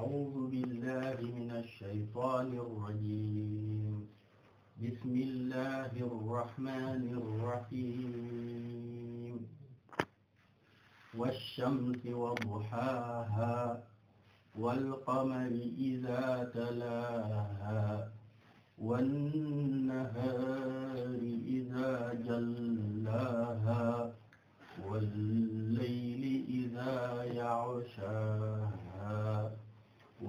أعوذ بالله من الشيطان الرجيم بسم الله الرحمن الرحيم والشمس وضحاها والقمر إذا تلاها والنهار إذا جلاها والليل إذا يعشاها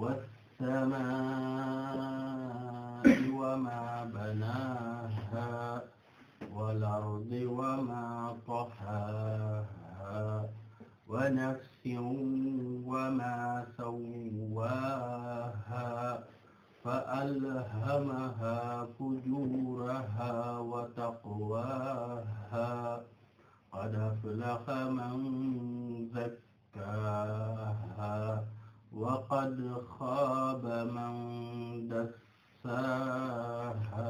والسماء وما بناها والأرض وما طحاها ونفس وما سواها فألهمها فجورها وتقواها قد أفلح من زكاها waqad xaaba man dassaaha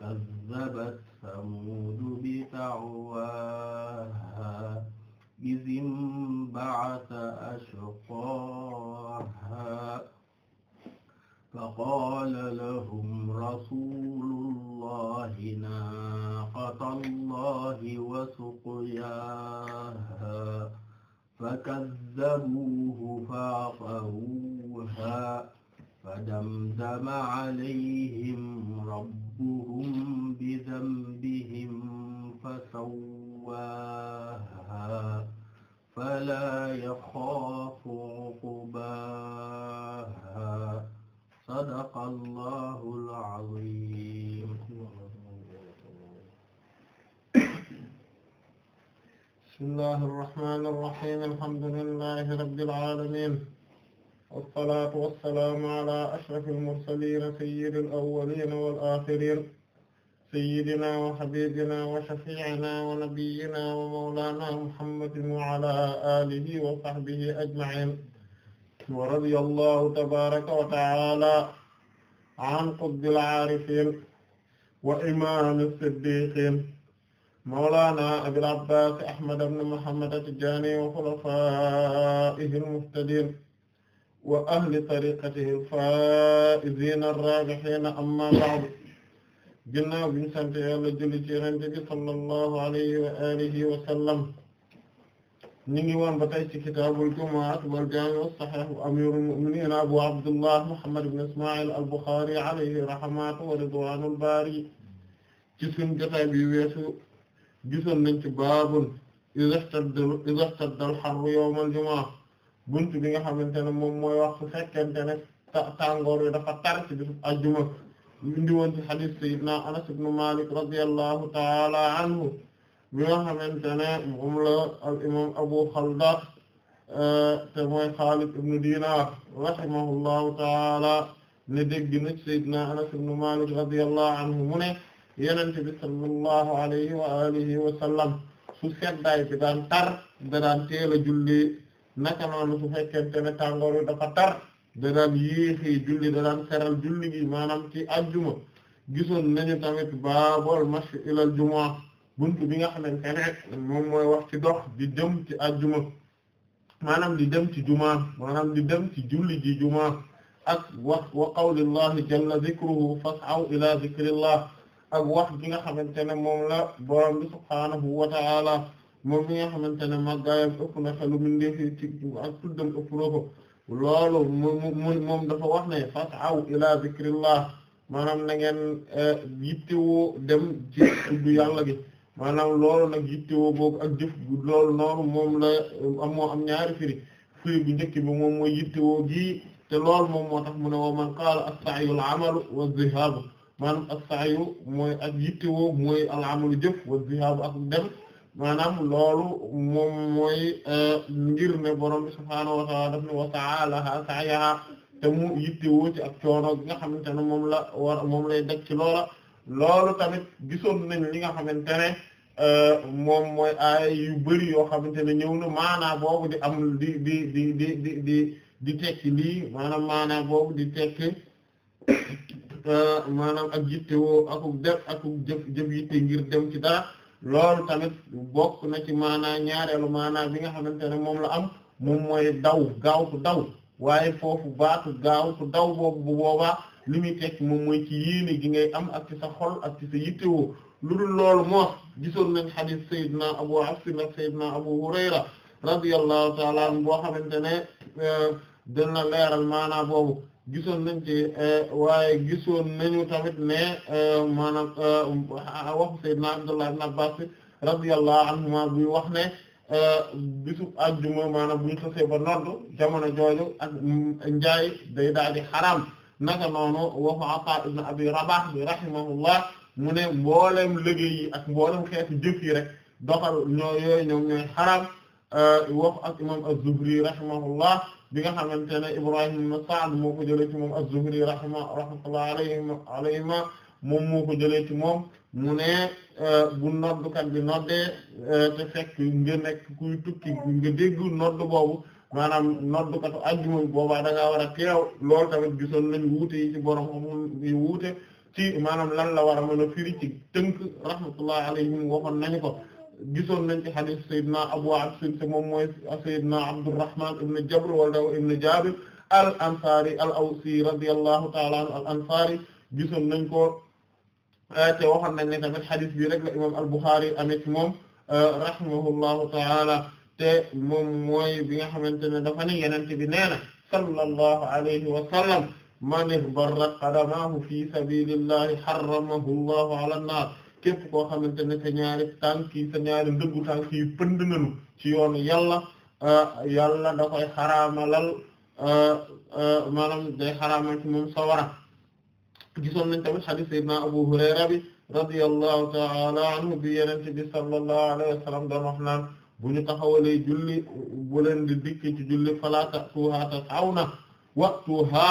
kazzabat samuudu bi taqwaaha iz inba'atha ashqaaha faqaala lahum rasuulullaahi naaqata llaahi wa suqyaaha فكذبوه فعقروها فدمدم عليهم ربهم بذنبهم فسواها فلا يخاف عقباها صدق الله العظيم bismillahi irrahmani irrahim alhamdulillahi rabbil alamin wassalatu wassalaamu ala ashrafi almursalina sayyidi alawalina wal axirin sayyidina wa habibina wa shafi'ina wa nabiyina wa mawlana muhammadin wa ala alihi wa sahbihi ajma'in wa radiyallahu tabaraka wa ta'ala an qutbil aarifin wa imam as-siddiqin mawlaana abil abbaas ahmad ibn muhammad at-tijaani wa xulafaa'ihi al-muhtadiin wa ahli tariiqatihi al-faa'iziina ar-raabihiina ammaa ba'du ginnaaw bi ñu sant Yàlla julli ci Yonent bi sallallahu alayhi wa aalihi wa sallam ñu ngi woon ba tey ci kitaabul jumu'a wal jaami' as-sahiih wa amiirul mu'miniin abu abdullah muhammad ibn ismaa'iil al-buxaari alayhi rahmatu wa ridwaanul baari ci sunu jotaay bi weesu gisoon nañ ci baabun izastadda izastadda al-harru yawmal jumaa bunt bi nga xamante ne moom mooy wax su fekkente ne tàngoor wi dafa tar ci bisu ajjuma indi woon ci hadith sayyidina Anas ibn Malik radiyallahu ta'ala anhu bi nga xamante ne moom la al imam Abu Khaldat eh, te mooy Khalid ibn Dinar rahimahullahu ta'ala ne dégg na ci sayyidina Anas ibn Malik radiyallahu anhu mu ne Yonent bi sallallahu alayhi wa alihi su seddaay bi daan tar da daan a julli naka noonu su fekkente ne tàngoor wi dafa tar da daan yéexi julli da seral julli gi maanaam ci ajjuma gisoon nañu tamit baabul mashi ilal jumaa buntu bi nga xamante ne moom mooy wax ci dox di dem ci ajjuma maanaam di dem ci jumaa maanaam di dem ci julli ji jumaa ak wax wa qawlillahi jalla dhikruhu fas'aw ila dhikrillah ak wax gi nga xamante ne moom la borom bi subhaanahu wa moom mi nga xamante ne màggaayam ëpp na xelu mindeefi ci ak tuddam ëpp ko loolu mu moom dafa wax ne fas'aw ila zikrillah maanaam na ngeen e, yittewoo dem ci tudd yàlla gi maanaam loolu nag yittewoo boobu ak jëf loolu noonu moom ñaari firi firi njëkk bi moom mooy yittewoo gi te loolu moom moo tax mu ne wa man qaala as-sa'yu al-amalu wa maanaam ak saayu mooy ak yittewoo mooy alamalu jëf wa zihaabu ak dem maanaam loolu moom mooy euh, ngir ne borom bi subhaanahu wa ta'ala daf ne wa sa'alaha sa'yaha te mu yittewoo ci ak coono nga xamante ne moom la war moom lay daj ci loola loolu tamit gisoon nañ li nga xamante ne euh, moom mooy aaya yu bari yoo xamante ne ñëw na maanaa boobu di am di di di di di di tekki lii maanaam maanaa boobu di tekki maanaam ak yittewoo akuk def akuk jëf jëf yitte ngir dem ci daa lool tamit bokk na ci maanaa ñaareelu maanaa bi nga xamante ne moom la am moom daw daw gaawtu daw waaye foofu baatu gaawtu daw boobu bu boobaa li muy teg moom mooy ci yéene gi ngay am ak ci sa xol ak ci sa yittewoo lu dul loolu moo gisoon nañ xadiis Seydina Abu Hafsin ak Abu Hurayra radiyallahu ta'ala boo xamante ne eh, dana leeral maanaa boobu gisoon nañ ci euh, waaye gisoon nañu tamit ne euh, maanaam euh, waxu Seydina Abdullah ibn Abbas radiyallahu anhuma bi wax ne bisub àjjuma maanaam buñ xasee ba nodd jamono jooju ak njaay day daal di xaraam naka noonu waxu Ataa ibn Abi Rabah bi rahimahullah mu ne mbooleem liggéey ak mbooleem xeetu jëf yi rek doxal ñoo yooyu ñoom ñooy xaraam waxu ak imam az-Zuhri rahimahullah bi nga xamante ne Ibrahim ibn Sa'd moo ko jëlee ci moom az-Zuhri rahma rahmatullahi alayhi alayhima moom moo ko jëlee ci moom mu ne euh, bu noddkat bi noddee euh, te fekk nga nekk kuy tukki nga dégg nodd boobu maanaam noddkatu ajjuma boobaa da ngaa war a teew loolu tamit na nañ wuute yi ci borom xam yi wuute ci maanaam lan la war a mën a firi ci tënk rahmatullahi alayhim waxoon nañu ko gisoon nañ ci hadith Seydina Abu Absin te moom mooy Seydina Abdurrahman ibn Jabr wala ibn Jabir al ansari al awsi radiyallahu ta'ala anhu al ansari gisoon nañ ko eh, te waxoon nañ ne tamit hadith bi rek la imam al Bukhari amee ci moom eh, rahimahullahu ta'ala te moom mooy bi nga xamante ne dafa ne yenente bi nee na sallallahu alayhi wa sallam man ihbarrat qadamahu fi sabilillahi harramahu Allahu ala an-nar képp koo xamante ne sa ñaari tànk yi sa ñaari ndëggu tànk yi ci yoonu yàlla euh, yàlla da koy xaraamalal euh, euh, maanaam day xaraamal ci moom sawara gisoon nañ tamit hadith sayyidina Abu Hurayra bi radiyallahu ta'ala anhu bi yenente bi sallallahu alayhi wa sallam doon wax naan bu julli bu leen di dikk ci julli fala ta'tuha tas'awna waqtuha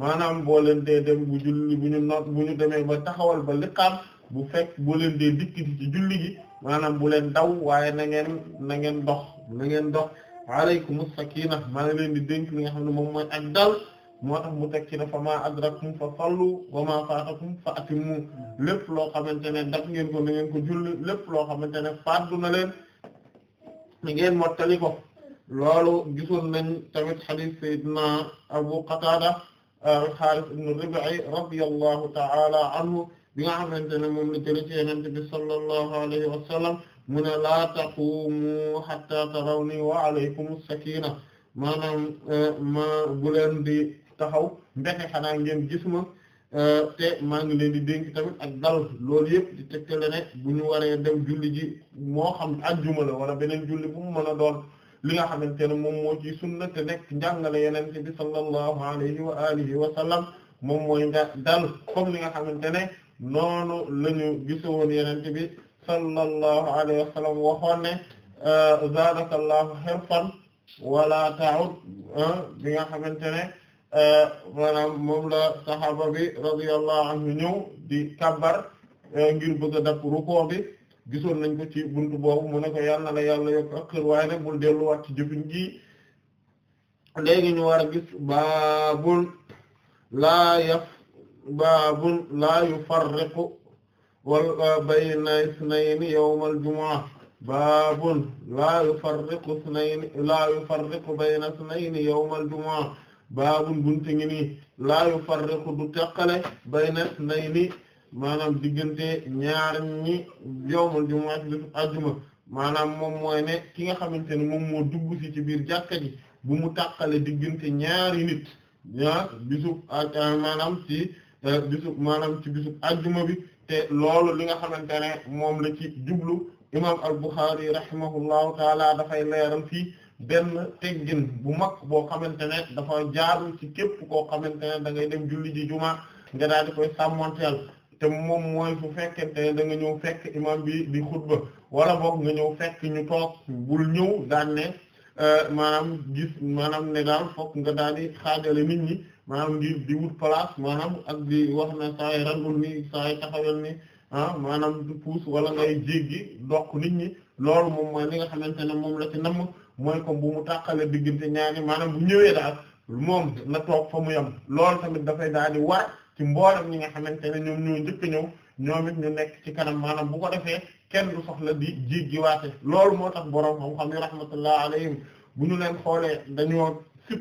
maanaam boo leen dee dem bu julli bu ñu no bu demee ba taxawal ba liqaam bu fekk boo leen dee dikkiti ci julli gi maanaam bu leen daw waaye na ngeen na ngeen dox na ngeen dox waaleykum sakina maa ngi leen di dénk li nga xam ne moom mooy ak dal moo tax mu teg ci ne fa ma adrakum fa sallu wa ma faatakum fa atimmu lépp loo xamante ne daf ngeen ko na ngeen ko julli lépp loo xamante ne fàddu na leen ngeen mottali ko loolu gisoon nañ tamit al-Haaris ibn Rib'i radiyallahu ta'ala anhu bi nga xamante ne moom la jëlee ci Yonent bi sallallahu alayhi wa mu ne laa taqumu hatta tarawni wa alaykum as-sakina maanaam eh, ma bu leen di taxaw mbete xanaa ngeen gis ma eh, te maa ngi leen di dénk tamit ak dal loolu yëpp di tegtale ne bu ñu waree dem julli ji moo xam ajjuma la wala beneen julli bu mu mën doon li nga xamante ne moo ci sunna te nekk njàngale yeneen bi sallallahu alayhi wa alihi wa sallam moom nga dal comme li nga xamante ne noonu la gisoon yeneen bi sallallahu alayhi wa sallam waxoon ne euh, zaadaka allahu wala ta'ud euh, nga xamante ne euh, maanaam moom la saxaaba bi radiyallahu anhu di kabbar ngir bëgg a dab bi gisoon nañ ko ci buntu boobu mu ne ko yàlla na yàlla yokk ak xër waaye nag bul delluwaat ci jëfin ji léegi ñu war a gis baabul laa yaf baabul laa yufarriqu wal uh, bayna isnayni yawmal jumu'a baabul laa yufarriqu isnayni laa yufarriqu bayna isnayni yawmal jumu'a baabul buntu ngi nii laa yufarriqu du teqale bayna isnayni maanaam diggante ñaar ñi yowmal jumu'a bi ajjuma maanaam moom mooy ne ki nga xamante ni moom moo dugg si ci biir jàkka ji bu mu tàqale diggante ñaari nit ñaar bisub euh, maanaam ci euh, bisub maanaam ci bisub ajjuma bi te loolu li nga xamante ne moom la ci jublu imam al-Bukhari rahimahullahu taala dafay leeral fii benn teggin bu mag boo xamante ne dafa jaarul ci képp koo xamante ne da ngay dem julli ji juma nga daal koy sàmmonteel te moom mooy fu fekkente ne da nga ñëw fekk imam bi di xutba wala boog nga ñëw fekk ñu toog bul ñëw daan ne euh, maanaam gis maanaam ne daal fokk nga daal di xaajale nit ñi maanaam di di wut place maanaam ak di wax na saay randul ni saay taxawel ni ah maanaam du puus wala ngay jéggi doq nit ñi loolu moom mooy li nga xamante ne moom la ci namm mooy comme bu mu tàqale diggante ñaari maanaam bu ñëwee daal moom na toog fa mu yem lool tamit dafay daal di war ci mboolem ñi nga xamante ne ñoom ñoo njëkk ñëw ñoom ñu nekk ci kanam maanaam bu ko defee kenn du soxla di jéggi waate loolu moo tax boroom xam-xam yi rahmatullah alayhim bu ñu leen xoolee dañoo sib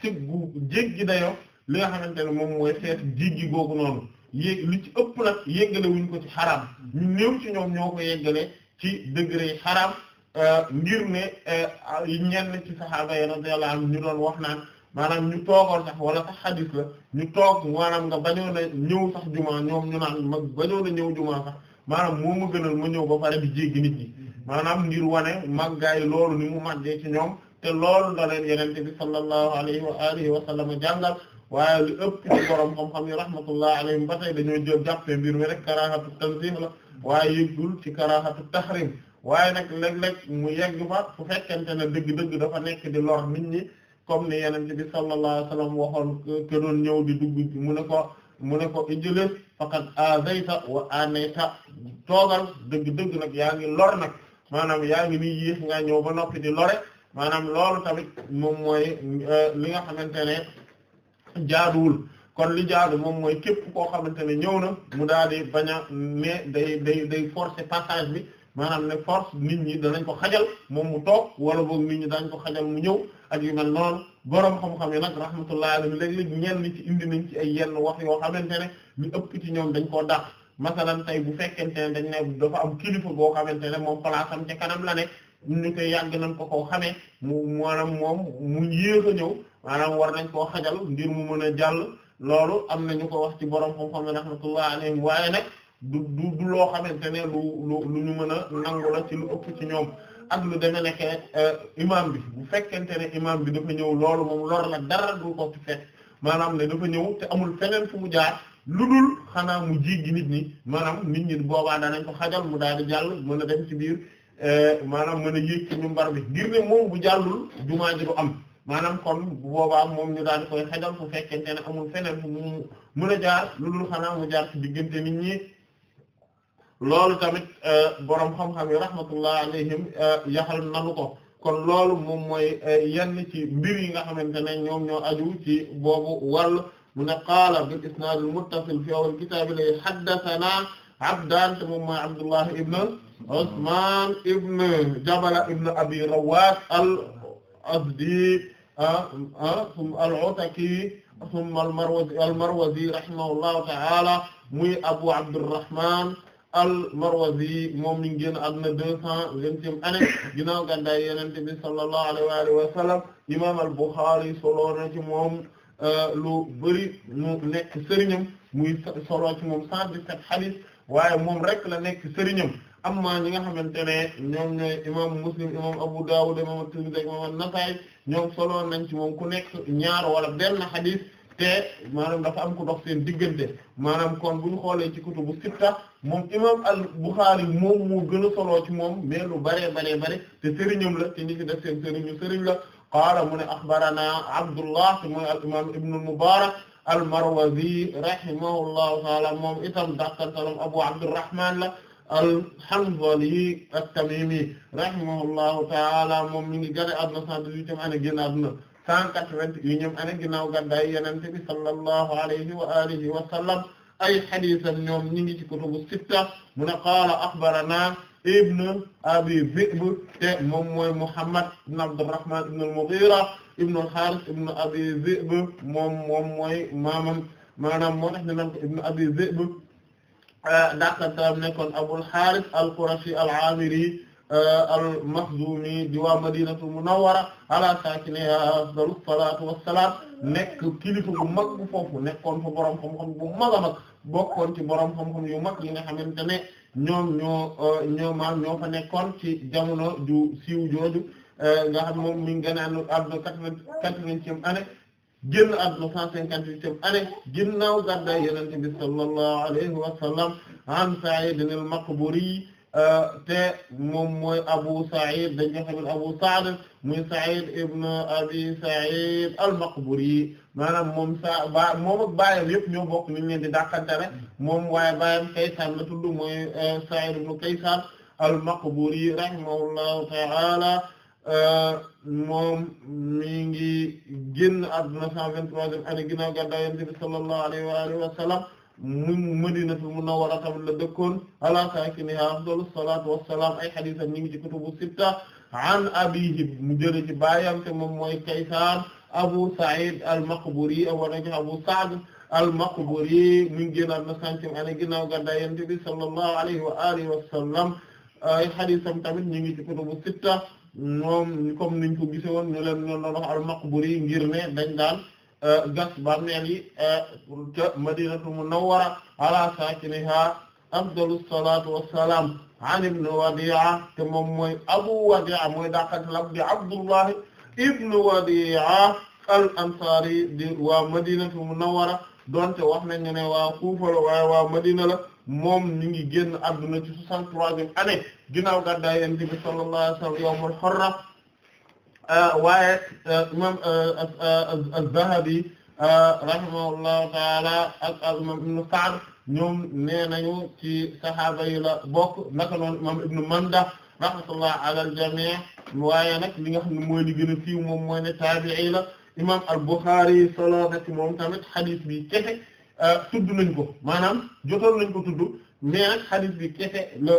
sib gu jéggi dayoo li nga xamante ne moom mooy feet jéggi googu noonu yéeg li ci ëpp na yeggale wuñ ko ci xaraam ñu néew ci ñoom ñoo ko yeggale ci degré yi xaraam euh, ngir ne euh, ñenn ci saxaaba yi radiyallahu anhum ñu doon wax naan maanaam ñu toogoon sax wala sax xadis la ñu toog maanaam nga bañoon a ñëw sax jumaa ñoom ñu naan ma bañoon a ñëw jumaa sax maanaam moo ma gënal ma ñëw ba pare bi jéggi nit ñi maanaam ngir wane màggaayu loolu ni mu màggee ci ñoom te lool da leen yenente bi sallallahu alayhi wa alihi wa sallam jàngal waaye li ëpp ci borom xam-xam yi rahmatullah alayhim ba tey dañoo jël jàppee mbir mi rek karahatu tanzih la waaye yëggul ci karahatu tahrim waaye nag léeg mu yegg fa fu fekkente ne dëgg-dëgg dafa nekk di lor nit ñi comme ni yeneen bi sallallahu alayhi wa sallam waxoon ke doon ñëw di dugg mu ne ko mu ne ko ijlis faqad azayta wa anayta toogal dëgg-dëgg nag yaa ngi lor nag maanaam yaa ngi nii yéex nga ñëw ba noppi di lore maanaam loolu tamit moom mooy euh, li nga xamante ne jaaduwul kon li jaadu moom mooy képp koo xamante ne ñëw na mu daal di bañ a ne day day day passage bi maanaam ne force nit ñi danañ ko xajal moom mu toog wala boog nit ñi danañ ko xajal mu ñëw ak yu mel noonu boroom xam-xam yi nag rahmatullahi alayhi léeg-léeg ñenn ci indi nañ ci ay yenn wax yoo xamante ne ñu ëpp ci ñoom dañ koo dàq masalan tey bu fekkente ne dañ ne dafa am kilifa boo xamante ne moom place am ca la ne ñu koy yàgg nañ ko koo mu maanaam moom mu yéex a ñëw maanaam war nañ koo xajal ngir mu mën a jàll loolu am na ñu ko wax ci boroom xam-xam yi rahmatullahi alayhi waaye nag du du loo xamante ne lu lu lu ñu mën a nangu la ci lu ëpp ci ñoom ak lu deme nekk euh, imam bi bu fekkente ne imam bi dafa ñëw loolu moom lor la dara du ko ci fekk maanaam ne dafa ñëw te amul feneen fu mu jaar lu dul xanaa mu jéggi nit ñi maanaam nit ñi boobaa daanañ ko xajal mu daal jàll mën a dem ci biir euh, maanaam mën a yéeg ci bi ngir ne bu jàllul jumaa ji du am maanaam kon bu boobaa moom ñu daal koy xajal fu fekkente ne amul feneen mën a jaar lu dul xanaa mu jaar ci diggante nit ñi loolu tamit euh, borom xam-xam yi rahmatullah alayhim euh, yaxal nanu ko kon loolu moom mooy euh, yenn ci mbir yi nga xamante ne ñoom ñoo aju ci boobu wàll mu ne qaala bil isnaad al muttasil fi awwal kitaab li haddathanaa Abdaan te moom mooy Abdullah ibn Usmaan ibn Jabala ibn Abi Rawwaas al Azdi al-Ataki ah, ah, thumma al-Marwazi al-Marwazi rahimahullahu ta'ala muy Abu Abdurrahmaan al-Marwazi moom mi ngi génn àdduna deux cent vingtième année ginnaaw gàddaay Yonent bi sallallahu alayhi wa sallam imaam al-Bukhari solo na ci moom euh, lu bari mu nekk sëriñam muy solo ci moom cent dix-sept hadith waaye moom rek la nekk sëriñam amma ñi nga xamante ne ñoom ñooy imaam Muslim imaam Abu Dawud imaam at-Tirmidhi imaam an-Nasa'i ñoom solo nañ ci moom ku nekk ñaar wala benn hadith. te maanaam dafa am ku dox di diggante maanaam kon bu ñu xoolee ci kutubu sitta moom imam al Bukhari moom moo gën a ci moom mais lu baree baree bare te sëriñam la te ñi ci def seen sëriñu sëriñ la qaala mu ne axbarana Abdullah te mooy al imam ibnu Mubarak al Marwazi rahimahullahu taala moom itam dàqantalam Abu Abdurrahman la al-Hanzali at-Tamimi rahimahullahu taala moom mi ngi gane àdduna 118 am ana génn àdduna cent quatre-vingt-unième année ginnaaw gàddaay yenente bi sallallahu alayhi wa alihi wa sallam ay xadiisam ñoom ñi ngi ci kutubu sitta mu ne qaala axbarana ibn abi Zi'b te moom mooy Muhammad ibn Abdurrahman ibn al-Mughira ibn al-Harith ibn abi Zi'b moom moom mooy maamam maanaam moo tax ne nan ko ibn abi Zi'b daqatam nekkoon Abul Harith al-Qurashi al-Amiri al-Makhzumi di waa Madinatul Munawwara ala saakiniha afdalu salaatu wassalaam nekk kilifa bu mag bu foofu nekkoon fa borom xam-xam bu mag a bokkoon ci borom xam-xam yu mag yi nga xamante ne ñoom ñoo euh, ñoo maam ñoo fa nekkoon ci jamono ju siiw jooju euh, nga xam moom mi ngi gën a àdduna quatre-vingtième année génn àdduna cent cinquante-huitième année ginnaaw gàddaay Yonent bi sallallahu alayhi wa sallam an Sa'id al-Maqburi te moom mooy Abu Sa'id dañ ko xamee Abu Sa'd muy Sa'id ibn Abi Sa'id al-Maqburi maanaam moom sa ba moom ak yëpp ñoo bokk ni ñu leen di dàqantale moom waaye baayam Kaysaan la tudd mooy eh, Sa'id ibn Kaysaan al-Maqburi rahimahullahu ta'ala eh, moom mi ngi génn àdduna 123e année ginnaaw gàddaay Yonent bi sallallahu alayhi wa alihi mu Madinatul Munawwara tamit la dëkkoon ala saakinihaa afdalu salaatu wassalaam ay hadiisam ñu ngi ci kutubu sitta an abiihi mu jëlee ci baayam te moom mooy Kaysaan Abu Saïd al-Maqburi amoon nañu Abu Sa'd al-Maqburi mi ngi génnaat na centième année ginnaaw gàddaay Yonent bi sallallahu alayhi wa alihi wa sallam ay hadiisam tamit ñu ngi ci kutubu sitta moom comme niñ ko gisee woon ñu leen ñoo doon wax al-Maqburi ngir ne dañ gas bàmmeel yi ca madinatu munawwara ala sakiniha afdalu salatu wassalam an ibn Wadi'a te moom mooy Abu Wadi'a mooy daqatlab di Abdullah ibn Wadi'a al ansari di waa madinatu munawwara donte wax nañu ne waa Kufa la waaye waa madina la moom ñu ngi génn adduna ci soixante-troisième année ginnaaw gàddaay Yonent bi sallallahu alayhi wa sallam yawmul hurra Euh, waaye euh, imam euh, az-Zahabi rahimahullahu taala ak ak imam Ibn Sa'd ñoom nee nañu ci saxaaba yi la bokk naka noonu imam Ibn Manda rahmatullah ala al-jami' waaye nag li nga xam ne mooy li gën a siiw moom mooy ne taabi'i la imam al-Bukhari solo na ci moom tamit xadis bi kese tudd nañ ko maanaam jotoon nañ ko tudd mais nag xadis bi kese la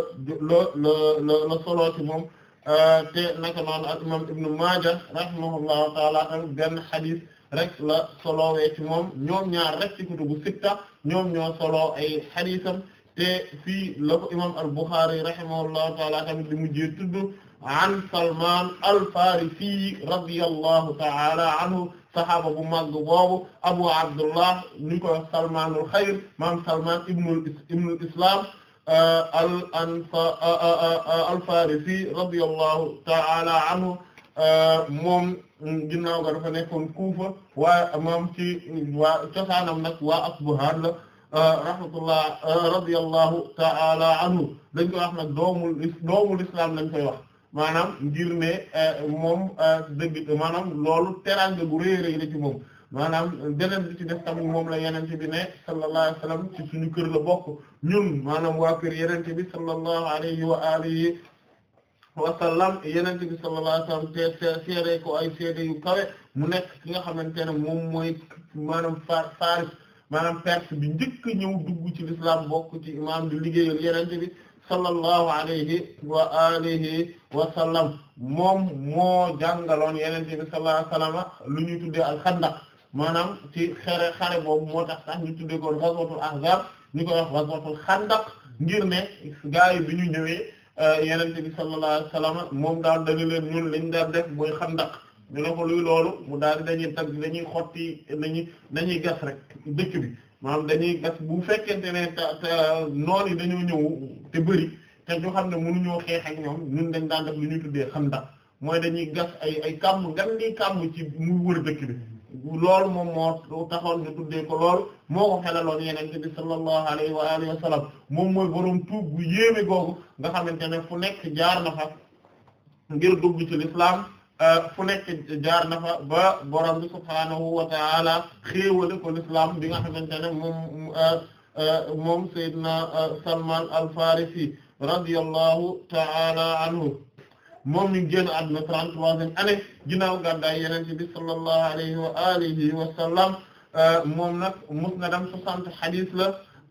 la la la solo ci moom. Euh, te naka al imam ibnu Maaja rahimahullahu taala tamit benn xadis a la solowee ci moom ñoom ñaar rek ci kutubu sitta ñoom ñoo soloo ay xadisam te fii la imam al Buxaari rahimahullahu taala tamit li mujjee tudd an Salmaan al Faarisi radiyallahu taala anhu saxaaba bu màgg boobu Abu maam Salmaan ibnul ibnul Islaam al anfa al farisi radiyallahu ta'ala anhu moom ginnaaw ga dafa nekkoon Kufa waaye moom ci waa cosaanam nag waa Asbahan la rahmatullah radiyallahu ta'ala anhu dañ koy wax nag doomul doomul islam lañ koy wax maanaam ngir ne moom dëgg maanaam loolu teraanga gu rëy rëy la ci moom. maanaam beneen bi ci def tamit moom la yenente bi ne sallallahu alayhi wa sallam suñu kër la bokk ñun maanaam waa kër yeneen bi sallallahu alayhi wa alihi wa sallam yenente bi sallallahu alayhi wa sallam te seere ko ay seede yu mu nekk ki nga xamante ne moom mooy maanaam far faris maanaam perse bi njëkk ñëw dugg ci l'islam bokk ci imam di liggéey yenente bi sallallahu alayhi wa alihi wa sallam moom moo jàngaloon yeneen bi sallallahu alayhi wa sallam lu ñuy tuddee al xandaq maanaam ci xare xare boobu moo tax sax ñu tuddee ko ghazwatul ahzab ñu koy wax ghazwatul xandaq ngir ne gaa yi bi ñu ñëwee euh, yenente bi sallallahu salaama moom daal dañu leen ñun lañ daal def booy xandaq ñu ne ko luy loolu mu daal di dañuy tag dañuy xotti dañuy dañuy gas rek dëkk bi maanaam dañuy gas bu fekkente ne te yi dañu ñëw te bëri te ñu xam ne mënuñoo xeex ak ñoom ñun dañ daan def lu ñuy tuddee xandaq mooy dañuy gas ay ay kàmm ngan di kàmm ci mu wër dëkk bi lool moom moo taxoon ñu tuddee ko lool moo ko xelaloon yenente bi sallallahu alayhi wa alihi wa sallam moom mooy boroom tuub bu yéeme googu nga xamante ne fu nekk jaar na fa ngir dugg ci l'islam euh, fu nekk jaar na fa ba borom bi subhaanahu wa taala xéewale ko l'islam bi nga xamante ne moom euh, moom Seydina Salman radiyallahu taala anhu moom ñu génn àdduna 33e année ginnaaw gàddaay Yonent bi sallallahu alayhi wa alihi wa sallam euh, moom nag musnadam 60 hadith la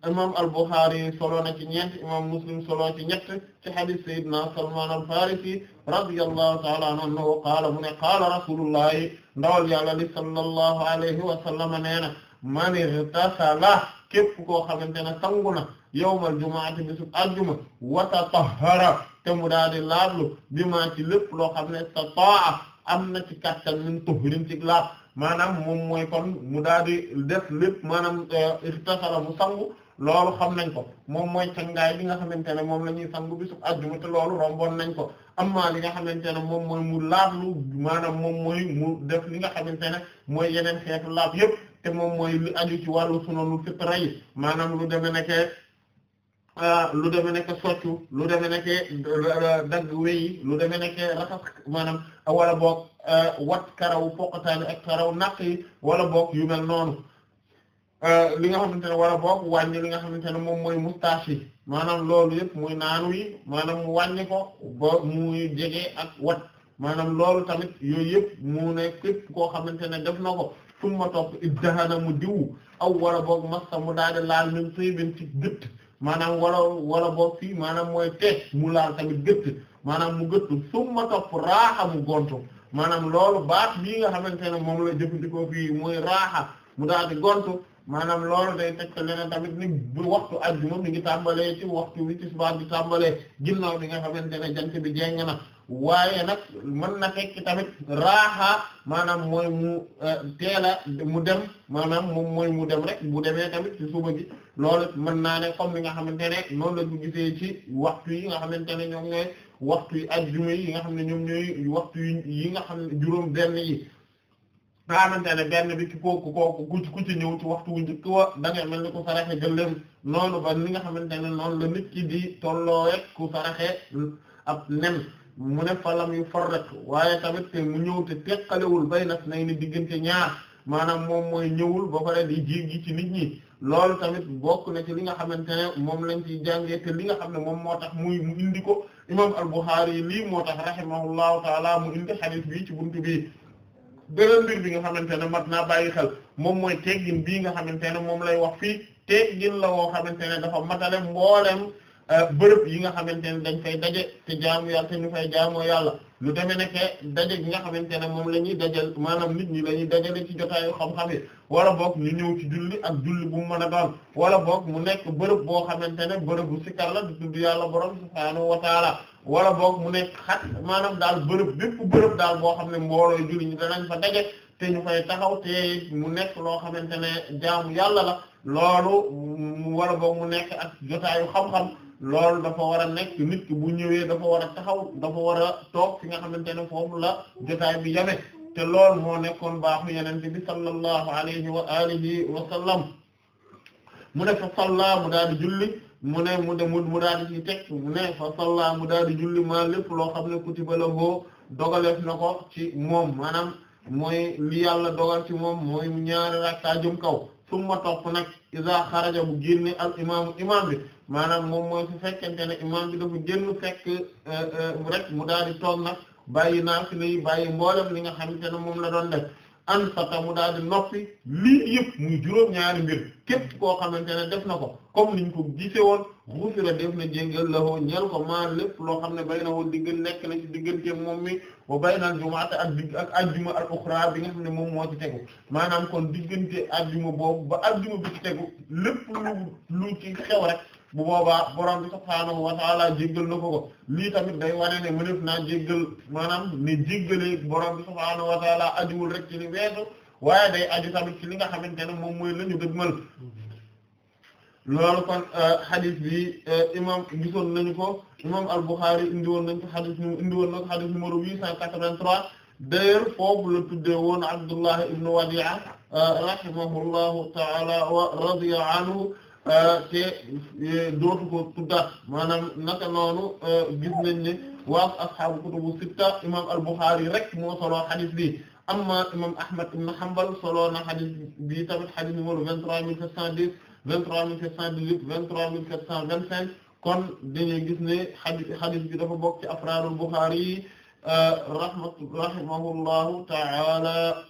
imam al-Bukhari solo na ci ñeent imam Muslim solo ci ñett ci hadith Sayyidina Salman al-Farisi radiyallahu ta'ala anhu qaala mu ne qaala rasulullahi ndawal yàlla li sallallahu alayhi wa sallam nee na man ightasala képp koo xamante ne sangu na yawmal jumaati bisub aljuma wa tatahhara te mu daal di laablu bi ma ci lépp loo xam ne tataa am na ci kattan min tuhrin ci laab maanaam moom mooy kon mu daal di def lépp maanaam euh, ihtasala mu sangu loolu xam nañ ko moom mooy cangaay li nga xamante ne moom la ñuy sangu bisub aljuma te loolu romboon nañ ko amma li nga xamante ne moom mooy mu laablu maanaam moom mooy mu def li nga xamante ne mooy yeneen xeetu laab yépp te moom mooy lu aju ci wàllu sunanu fitra yi maanaam lu deme neke ah, lu deme neke soccu lu deme neke euh, dagg weyi lu deme neke raxas maanaam wala boog euh, wat karaw poqataani ak karaw naq yi wala boog yu mel noonu euh, li nga xamante ne wala boog wàññi li nga xamante ne moom mooy moustache yi maanaam loolu yëpp muy naanu yi maanaam mu wàññi ko ba muy jege ak wat maanaam loolu tamit yooyu yëpp mu ne képp koo xamante ne def na ko summa topp ibtahana mu diw aw wala boog massa mu daal di laal min sibin ci gëtt maanaam wala wala boog fii maanaam mooy teeg mu laal tamit gëtt maanaam mu gëttu summa topp raaxa mu gontu maanaam loolu baat bii nga xamante ne moom la jëfandikoo fii mooy raaxa mu daal di gontu maanaam lool day teg leneen tamit ni bu waxtu ajjuma mi ngi tàmbalee ci waxtu wi tisbaar bi tàmbalee ginnaaw bi nga xamante ne jant bi jeng na waaye nag mën na fekk tamit raaxa maanaam mooy mu euh, teela mu dem maanaam moom mooy mu dem rek bu demee tamit ci suba gi loolu mën naa ne comme li nga xamante ne noonu la ñu gisee ci waxtu yi nga xamante ne ñoom ñooy waxtu yi yi nga xam ne ñoom ñooy waxtu yi nga xam juróom benn yi nga ne benn bi ki kooku kooku ku ci ku ci ñëw ci waxtu wu ni ku saraxe gëléem noonu ba li nga xamante ne noonu la nit ki di tolloo rek ku saraxe ab nen mu ne falam yu farrak waaye tamit te mu ñëw te teqalewul bay nag nay ni diggante ñaar maanaam moom mooy ñëwul ba pare di jéggi ci nit ñi loolu tamit bokk na ci li nga xamante ne moom lañ ciy jàngee li nga xam ne moom moo muy indi ko imam al-Bukhari lii moo tax rahimahullahu taala mu indi hadith ci buntu bi beneen bi nga xamante ne mat naa bàyyi xel moom mooy teggin bii nga xamante ne moom lay wax fii te teggin la woo xamante ne dafa matale mboolem Euh, bërëb yi nga xamante ne dañ fay daje te jaamu yàlla te ñu fay jaamoo yàlla lu demee ne daje gi nga xamante ne moom la ñuy dajal maanaam nit ñi la ñuy dajale ci jotaayu xam-xam yi wala boog ñu ñëw ci julli ak julli bu mën a doon wala boog mu nekk bërëb boo xamante ne bërëb bu sikkar di tudd yàlla borom subhaanahu wa taala wala boog mu nekk maanaam daal bërëb bépp bërëb boo xam ne mbooloo julli ñu danañ fa daje te ñu fay taxaw te mu nekk loo xamante ne jaamu yàlla la loolu wala boog mu nekk ak jotaayu xam-xam loolu dafa war a nekk nit ki bu ñëwee dafa war a taxaw dafa war a toog fi nga xamante ne foofu la jotaay bi yame te lool moo nekkoon baaxu yenente bi sallallahu alayhi wa alihi wa sallam mu ne fa salla mu daal di julli mu ne mu de mu daal di ci teg mu ne fa salla mu maa lépp loo xam ne ku kutiba lahu dogaleef na ko ci moom maanaam mooy li yàlla dogal ci moom mooy ñaari rakka jëm kaw summa topp nag iza xaraja bu génne al imaamu imaam bi maanaam moom mooy su fekkente ne imaam bi dafa génn fekk euh, euh, rek mu daal di nag bàyyi naafila yi bàyyi mboolem li nga xamante ne moom la doon def an fata mu daal di noppi lii yëpp muy juróom-ñaari mbir képp koo xamante ne def na ko comme niñ ko gisee woon xufira def na jéggal la woo ñeel ko maa lépp loo xam ne bay na woo diggan nekk na ci diggante moom mi ba bay naan jumaata ak digg ak ajjuma al uxra bi nga xam ne moom moo ci tegu maanaam kon diggante ajjuma boobu ba ajjuma bi ci tegu lu lu rek bu boobaa borom bi subhaanahu wa ta'ala jéggal na ko ko lii tamit day wane ne mënef naa jéggal maanaam ne jéggale borom bi subhaanahu wa ta'ala ajuwul rek ci li weesu waaye day aju tamit ci li nga xamante ne moom mooy la ñu dëgmal loolu kon hadith euh, bi euh, imam gisoon nañu ko imam al-Bukhari indi woon nañu ko hadith nu indi woon na ko hadith numéro 883 d'ailleurs foofu la tuddee woon Abdullah ibn Wadi'a euh, rahimahullahu ta'ala wa radiya anhu Euh, te euh, dootu ko tuddaat maanaam naka noonu euh, gis nañ ne waa ashaabu kutubu sitta imaam al-Bukhari rek moo solo xadis bi amma imaam Ahmad ibn Hanbal solo na xadis bi tamit xadis numéro 23710 23718 23425 kon dañuy gis ne xadis xadis bi dafa bokk ci afraadul Bukhari rahmat rahimahullahu ta'ala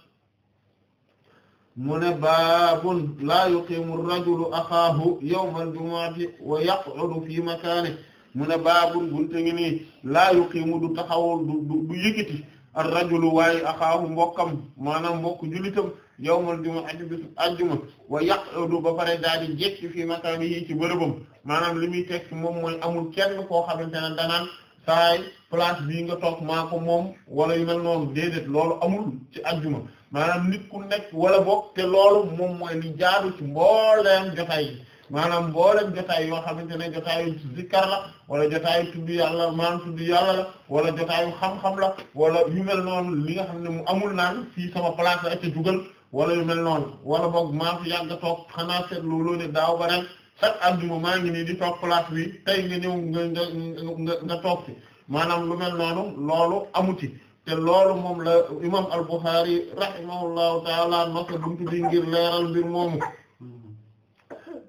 mu ne baabun laa yuqiimu rajulu axaahu yawmal jumu'ati wa yaq'udu fi makaanihi mu ne baabun bunte ngi nii laa yuqiimu du taxawul du du yëkkati ar rajulu waaye axaahu mbokkam maanaam mbokk julitam yawmal jumu'ati bis ajjuma wa yaq'udu ba pare daal di jekki fi makaanihi ci bërëbam maanaam li muy tekki moom mooy amul kenn koo xamante ne danaan saay place bii nga toog maako moom wala yu mel noonu déedéet loolu amul ci ajjuma maanaam nit ku nekk wala bokk te loolu moom mooy li jaadu ci mbooleem jotaay yi maanaam mbooleem jotaay yoo xamante ne jotaayu zikkar la wala jotaayu tudd yàlla maanaam tudd yàlla la wala jotaayu xam-xam la wala yu mel noonu li nga xam ne mu amul naan fii sama place la ca jugal wala yu mel noonu wala boog maa fi yàgg a toog xanaa seet looloo ne daaw ba ren chaque àjjuma maa ngi nii di toog place bi tey nga ñëw nga nga nga toog ci maanaam lu mel noonu loolu amu ci te loolu moom la imam al-Bukhari rahimahullahu taala nos la buntu bi ngir leeral mbir moomu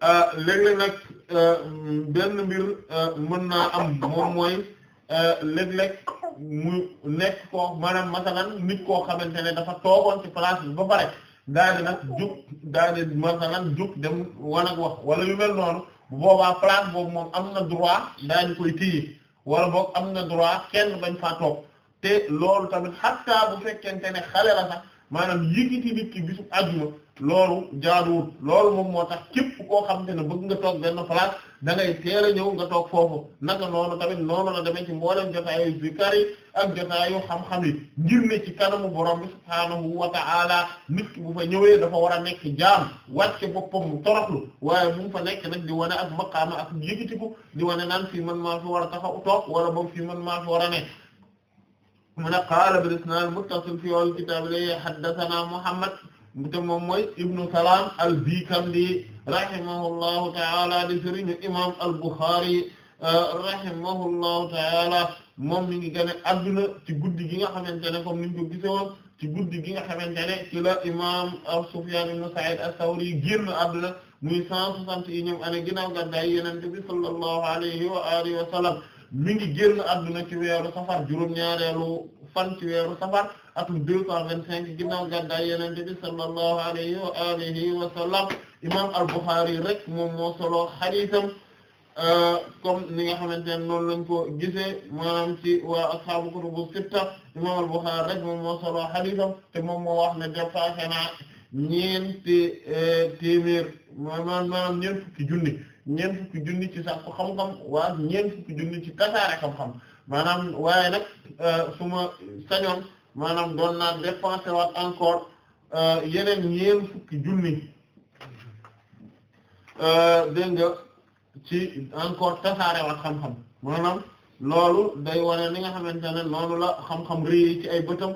euh, léeg-léeg nag euh, benn mbir euh, mën naa am moom mooy léeg-léeg mu nekk ko maanaam masalan nit koo xamante ne dafa toogoon ci place bi ba pare daane nag jug daane masalan jug dem wan wax wala yu mel noonu bu boobaa place boobu moom am na droit daañu koy téye wala boog am na droit kenn bañ faa toog te loolu tamit xatta bu fekkente ne xale la sax maanaam yëkkati nit ki bi bisu àjjuma loolu jaaduwul loolu moom moo tax képp koo xamante ne bëgg nga toog benn place da dangay teel a ñëw nga toog foofu naka noonu tamit noonu la demee ci mboolem jotaayu zikar yi ak jotaayu xam-xam yi ngir ne ci kanamu borom bi subhaanahu wa ta'ala nit ki bu fa ñëwee dafa war a nekk jaam wàcce boppam mu toroxlu waaye bu mu fa nekk nag di wane ak maqaama ak yëkkatiku di wane naan fii man maa fi war a taxaw toog wala boobu fii man maa fi war a nekk mu ne qaala bil isnaad muttasil fi wal kitaab li haddathana Muhammad te moom mooy ibnu Salaam al-Bikandi rahimahullahu ta'ala di sëriñu imaam al-Bukhari euh, rahimahullahu ta'ala moom mi ngi gën a adduna ci guddi gi nga xamante ne comme niñ ko gisewoon ci guddi gi nga xamante ne ci la imaam Sufyaan ibn Sa'iid as-Sawri génn adduna muy 161 ane ginnaaw gàddaay Yonent bi sallallahu alayhi wa alihi wa sallam mi ngi génn àdduna ci weeru safar juróom-ñaareelu fan ci weeru safar atum deux cent vingt-cinq ginnaaw gàddaay Yonent bi sallallahu alayhi wa alihi wa sallam imam al rek moom moo solo xadiisam euh, comme ni nga xamante ne noonu lañ ko gisee maanaam ci wa ashaabu kutubu sitta imam al-Bukhari rek moom moo solo xadiisam te moom moo wax ne dépassé na ñeenti euh, téeméer maanaam ñeent fukki junni ñeent fukki junni ci sàkku xam-xam waa ñeent fukki junni ci tasaare xam-xam maanaam waaye nag euh, su ma sañoon maanaam doon naa dépenser waat encore euh, yeneen ñeent fukki junni euh, dégg nga ci encore tasaare waat xam-xam maanaam loolu day wane li nga xamante ne noonu la xam-xam réy ci ay bëtam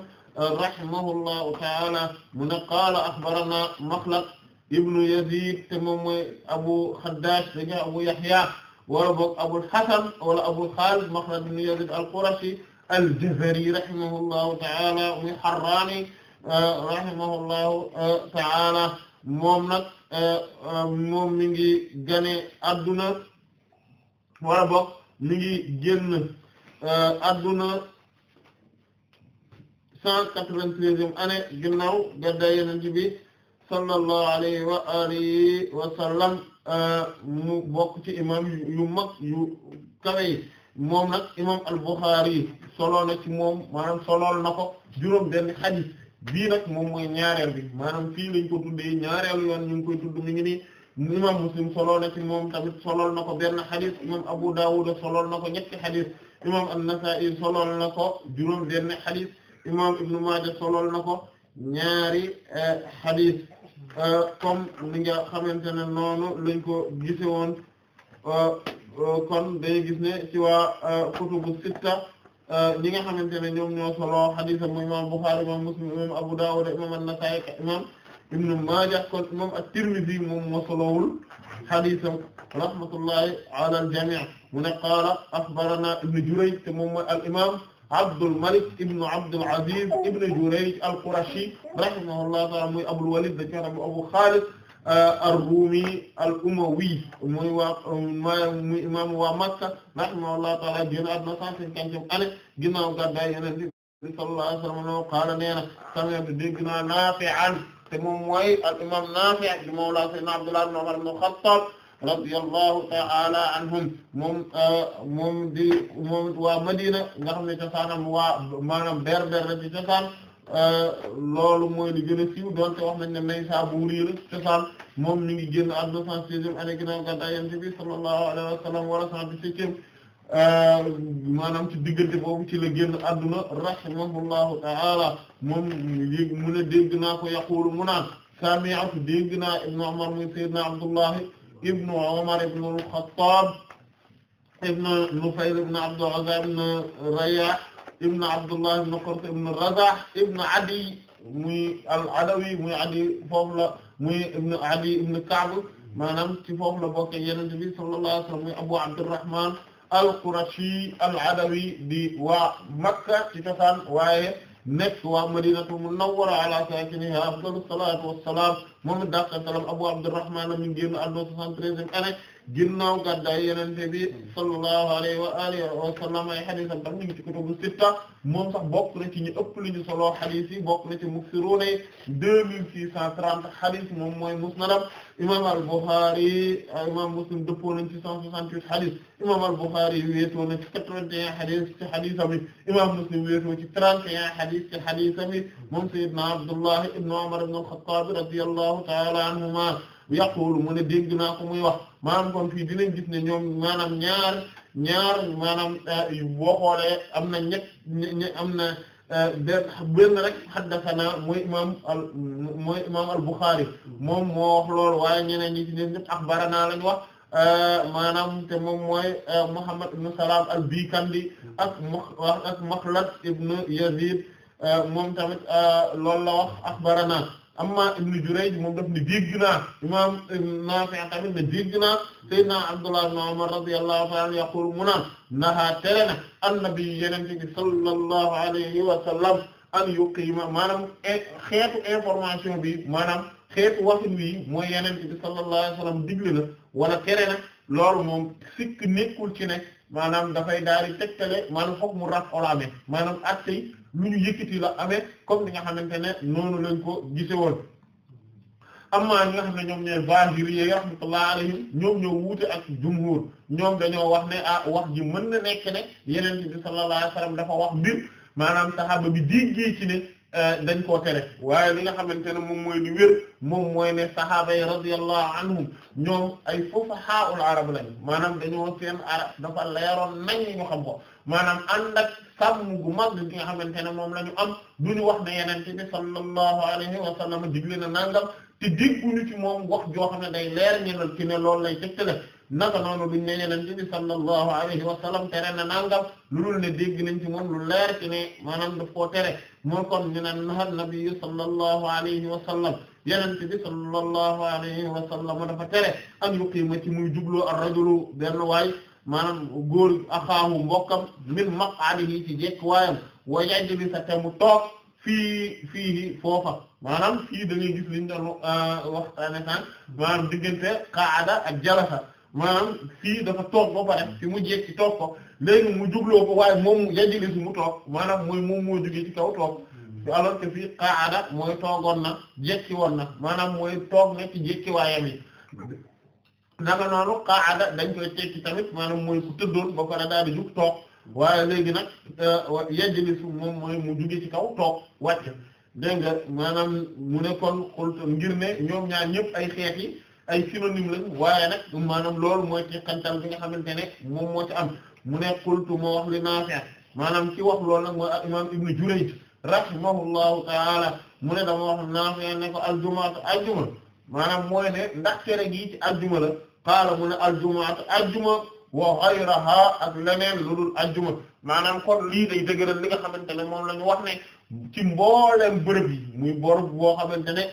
rahimahullahu taala mu ne qaala axbarana Maxlad ibnu Yazid te moom mooy Abu Khaddash dañuy Abu Yahya wala boog Abul Hasan wala Abul Khalid Makhlad ibnu Yazid al-Qurashi al-Jazari rahimahullahu ta'ala muy Harrani euh, rahimahullahu euh, ta'ala moom nag euh, moom mi ngi gane adduna wala boog mi ngi génn adduna cent quatre-vingt-treizième année ginnaaw gàddaay Yonent bi sallallahu alayhi wa alihi wa euh, bokk ci imam yu mag yu kawe yi moom nag yi solo na ci moom maanaam solool na ko juróom benn xadis bii nag moom mooy ñaareel bi maanaam fii lañ ko tuddee ñaareel yoon ñu ngi koy tudd mi ngi nii imam Muslim solo na moom tamit solool na ko benn xadis imam Abu Dawud solool na ko ñetti xadis na ko juróom benn xadis imam na ko ñaari euh, xadis Euh, comme ni nga xamante ne noonu lañ ko gise woon euh, euh, kon dañu gis ne ci waa kutubu sitta ñi nga xamante ne ñoom ñoo solo hadith mu imam Bukhari imam Muslim imam Abu Dawud imam An-Nasa'i imam Ibn Majah kon imam At-Tirmidhi moom moo solowul haditham rahmatullahi ala al-jami' mu ne qaala akhbarana Ibn Jurayj te moom mooy al imam Abdul Malik ibn Abdul Aziz ibn Jurayj al-Qurashi rahimahullahu ta'ala muy Abul Walid dañu koy wax Abu Khalid euh, ar-Rumi al-Umawi muy waa euh, muy imam waa Makka rahimahullahu ta'ala génn àdduna 150 année ginnaaw gàddaay Yonent bi sallallahu alayhi wa sallam qaala nee na sami'tu dégg naa Naafi'an te moom mooy al imam Naafi' di mawla Sayyidina Abdullah ibn Umar ibn Khattab radiyallahu ta'ala anhum moom euh, moom di moom waa Madina nga xam ne cosaanam waa maanaam berber la ci cosaan euh, loolu mooy li gën a siiw doonte wax nañ ne Naysaburi la cosaan moom mi ngi génn ak deux cent seizième année ginnaaw gàddaay Yonent bi sallallahu alayhi wa sallam wala cent dix-septième maanaam ci diggante boobu ci la génn adduna rahimahullahu ta'ala moom mu ne dégg naa ko yaqulu mu naan sami'tu dégg naa Ibn Umar muy Sayyidina Abdullahi ibnu Umar ibnu al-Khattab ibnu Nufayl ibnu Abd al-Uzza ibnu Rayah ibnu Abdullah ibnu Qurt ibnu Razah ibnu Adi muy al-Adawi muy Adi foofu la muy ibnu Adi ibnu Ka'b maanaam ci foofu la bokk Yonent bi sallallahu alayhi wa sallam muy Abu Abdurrahman al-Qurashi al-Adawi di waa Makka ci cosaan waaye nekk waa madinatu munawwara ala sakiniha afdalu salaatu wassalaam moom dàqa salam Abu Abdurrahman mi ngi génn àdduna 73e année ginnaaw gàddaay yenente bi sallallahu alayhi wa alihi wa sallam ay xadisam tax ñu ngi ci kutubu sitta moom sax bokk na ci ñu ëpp li ñu soloo xadis yi bokk na ci muksiruna deux mille six cent trente xadis moom imam al-Bukhari imam Muslim dëppoo nañ ci cent soixante-huit xadis imam al na ci quatre-vingt-un xadis ci xadisam yi imam Muslim wéetoo ci trente et un xadis ci xadisam yi moom sayyidna Abdullah ibn Umar ibn al-Khattab radiyallahu ta'ala anhuma yaqulu mu dégg naa ko muy wax maanaam kon fii dinañ gis ne ñoom maanaam ñaar ñaar maanaam euh, boo xoolee am na ñett am na euh, benn benn rek haddathana mooy imaam al mooy moom moo wax loolu waaye ñeneen ñi ci ñun ñëpp akhbarana lañ wax euh, maanaam te moom mooy Muhammad ibn Salam al Bikandi ak ak Makhlad ibn Yazid moom tamit loolu la wax akhbarana amma Ibn Jurayj moom daf ne dégg naa imaam Naafi' tamit ne dégg naa Seydina Abdullah ibn Umar radiyallahu ta'ala anhu yaqul mu naan nahaa tere na annabi yeneen bi sallallahu alayhi wa sallam an yuqiima maanaam e-, xeetu information bi maanaam xeetu waxin wi mooy yeneen bi sallallahu alayhi wa sallam digle na wala tere na loolu moom sikk nekkul ci ne maanaam dafay daal di tegtale maanaam foog mu raf olamé maanaam at yi lu ñu yëkkati la amee comme ni nga xamante ne noonu lañ ko gise woon amma ñi nga xam ne ñoom ñooy zahiri yi rahmatullah ñoom ñoo wuute ak jumhur ñoom dañoo wax ne ah wax ji mën na nekk ne yeneen bi sallallahu dafa wax mbir maanaam saxaaba bi déggee ci ne eh, dañ koo tere waaye li nga xamante ne moom mooy li wér moom mooy ne saxaaba yi radiyallahu anhum ñoom ay fufahaa'ul arab lañ maanaam dañoo seen arab dafa leeroon nañ ñu xam ko maanaam ànd ak sàmm gu mag gi nga xamante ne moom la am du ñu wax ne yeneen ci bi alayhi wa sallam na nangam te dégguñu ci moom wax joo xam ne day leer ñu ne ci ne loolu lay tegtale naka noonu duñ ne yeneen ci bi sallallahu alayhi wa sallam tere na nangam lu dul ne dégg nañ ci moom lu leer ci ne maanaam daf koo tere moo kon ñu ne naha nabi sallallahu alayhi wa sallam yenente bi sallallahu alayhi wa sallam dafa tere an yuqiima ci muy jubloo ar rajulu benn waay maanaam góor axaahu mbokkam min maq'adihi ci jekkuwaayam wa yajlisa te mu toog fii fii foofa maanaam fii da ngay gis liñ doon euh, waxtaane sànq maanaam diggante qaada ak jalasa maanaam fii dafa toog ba pare fi mu jekki toog ko léegi mu jugloo ko waaye moom yajlisu mu toog maanaam mooy moom moo jógee ci kaw toog hmm. alors que fii qaada mooy toogoon na jekki woon na maanaam mooy toog na ci jekkiwaayam yi naka noonu qaada dañ koy tekki tamit maanaam mooy ku tëddoon ba pare daal di jug toog waaye léegi nag euh, yajlisu moom mooy mu jugee ci kaw toog wàcc dégg nga maanaam mu ne kon xultu ngir ne ñoom ñaar ñëpp ay xeet yi ay waaye nag maanaam loolu mooy tekkantal bi nga xamante ne moo ci am mu ne xultu moo wax li Naafi' maanaam ci wax loolu nag mooy imaam Ibnu Jurayj rahimahullahu taala mu ne dama wax Naafi' ne ko aljuma aljuma maanaam mooy ne ndax tere gi ci aljuma la. qaala mu ne aljumuatu aljuma wa ghayraha ak leneen lu dul aljuma maanaam kon lii day dëgëral li nga xamante ne moom la ñu wax ne ci mbooleem bërëb yi muy bor boo xamante ne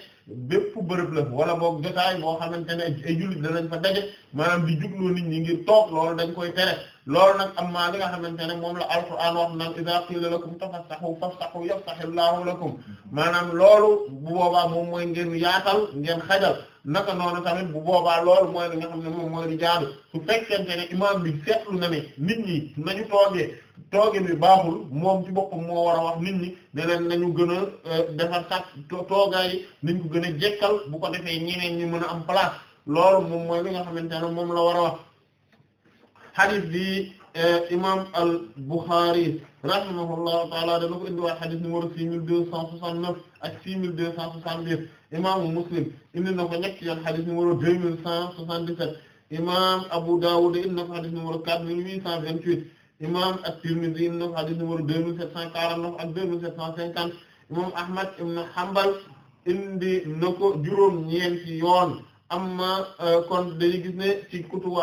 bépp bërëb la wala boog jotaay boo xamante ne ay jullit danañ fa daje maanaam di jugloo nit ñi ngir toog loolu dañ koy tere loolu nag amma li nga xamante ne moom la alquran wax naan idha qila lakum tafassahu fafsahu yafsahillahu lakum maanaam loolu bu boobaa moom mooy ngeen yaatal ngeen xajal naka noonu tamit bu boobaa loolu mooy li nga xam ne moom mooy di jaadu su fekkente ne imaam bi seetlu na ne nit ñi nañu toogee tooge bi baaxul moom ci boppam moo war a wax nit ñi ne leen nañu gën a euh, defar sax toogaay yi nañ ko gën a jekkal bu ko defee ñeneen ñi mën a am place loolu moom mooy li nga xamante ne moom la war a wax hadith bi. Eh, imam al-Bukhari rahimahullahu taala dana ko indiwaat xadis numéro six mille deux cent soixante neuf ak six mille deux cent soixante dix imaamu Muslim indi na ko ñetti yoon xadis numéro deux mille cent soixante dix imam Abu Dawud indi na ko xadis numéro quatre mille huit cent vingt huit imam at-Tirmidhi indi na ko xadis numéro deux mille sept cent quarante neuf ak deux mille sept cent cinquante imam Ahmad ibn Hanbal indi na ko juróom-ñeenti yoon amma eh, kon dañu gis ne ci kutubu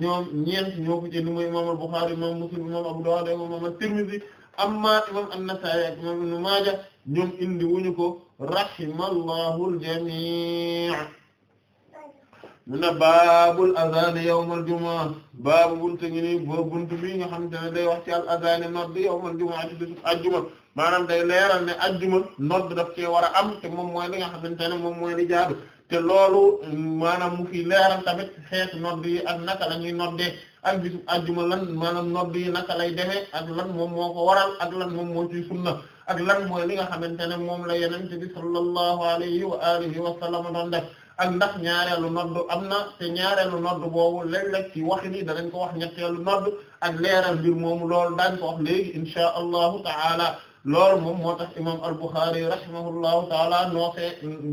ñoom ñeent ñoo ko jënd mooy imam al-Bukhari imam Muslim imam Abu Dawud imam at-Tirmidhi amma imam an-Nasa'i ak imam Ibn Maaja ñoom indi wuñu ko rahimallahu al-jami' mu ne baabul azaan yawmal jumaa baabu buntu gi nii boobu buntu bi nga xamante ne day wax ci al azaan nodd yawmal jumaa ci bisu ajjuma maanaam day leeral ne ajjuma nodd daf cee war a am te moom mooy li nga xamante ne moom mooy li jaadu te loolu maanaam mu fi leeral tamit xeetu nodd yi ak naka la ñuy noddee ak bisu àjjuma lan maanaam nodd yi naka lay demee ak lan moom moo ko waral ak lan moom moo ciy sunna ak lan mooy li nga xamante ne moom la yenente bi sallallahu alayhi wa alihi wa sallam doon def ak ndax ñaareelu nodd am na ñaareelu nodd boobu léeg-léeg wax ni danañ ko wax ñetteelu nodd ak leeral mbir moomu loolu daañ ko wax léegi inshaa allahu ta'ala loolu moom moo tax imam al-Bukhari rahimahullahu taala noosee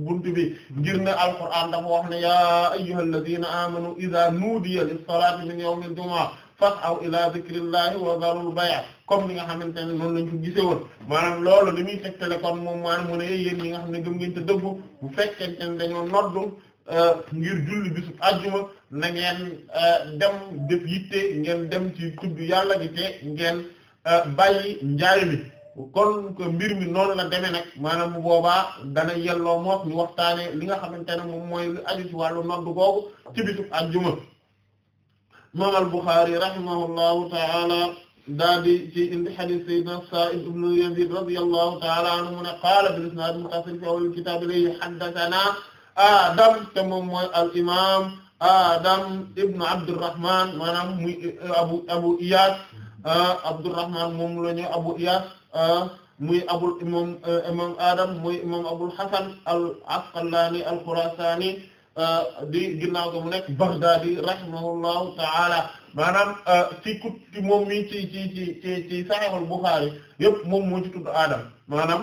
bunt bi ngir ne alquran dafa wax ne yaa ayyuhal ladina amanu idha nudiya lis-salati min yawmil jumu'a fas'aw ila dhikrillahi wa dharul bay' comme li nga xamante ne noonu lañ ko gisee woon maanaam loolu li muy tegtale kon moom maanaam mu ne yéen nga xam ne gëm ngeen te dëggu bu fekkente ne euh, ngir julli bisu àjjuma na ngeen euh, dem def ngeen dem ci tudd yàlla gi te ngeen euh, bàyyi njaay kon mbir mi noonu la demee nag maanaam bu boobaa dana yelloo mook ñu waxtaane li nga xamante ne moom mooy lu aju ci wàllu nodd googu ci bisub àjjuma imaam al-Bukhari rahimahullahu ta'ala daa di ci indi hadith sayyidina Sa'id ibn Yazid radiyallahu ta'ala anhu mu ne qaala bil isnad muttasil fi awwal kitab ilayhi haddathana Adam te moom mooy al imam Adam ibn Abdurrahman maanaam muy abu abu Iyas Abdurrahman moom la ñu abu Iyas muy abul imam e, imam Adam muy imam abul Hasan al Asqalani al Khurasani e, di ginnaaw ga mu nekk Baghdadi ta'ala maanaam e, ci kut moom mi ci ci ci ci moom moo tudd Adam maanaam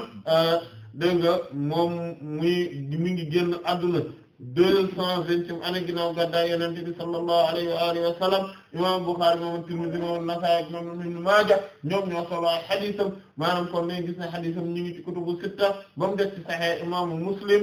dégg nga moom muy mi ngi génn adduna deux cent vingtième année ginnaaw gàddaay Yonent bi sallallahu alayhi wa alihi wa sallam imam Bukhari moom Tirmidhi moom Nasaa'i moom Ibn Maaja ñoom ñoo solo xadisam maanaam kon nañ gis na xadisam ñu ngi ci kutubu sitta ba mu def ci Sahih imaamu Muslim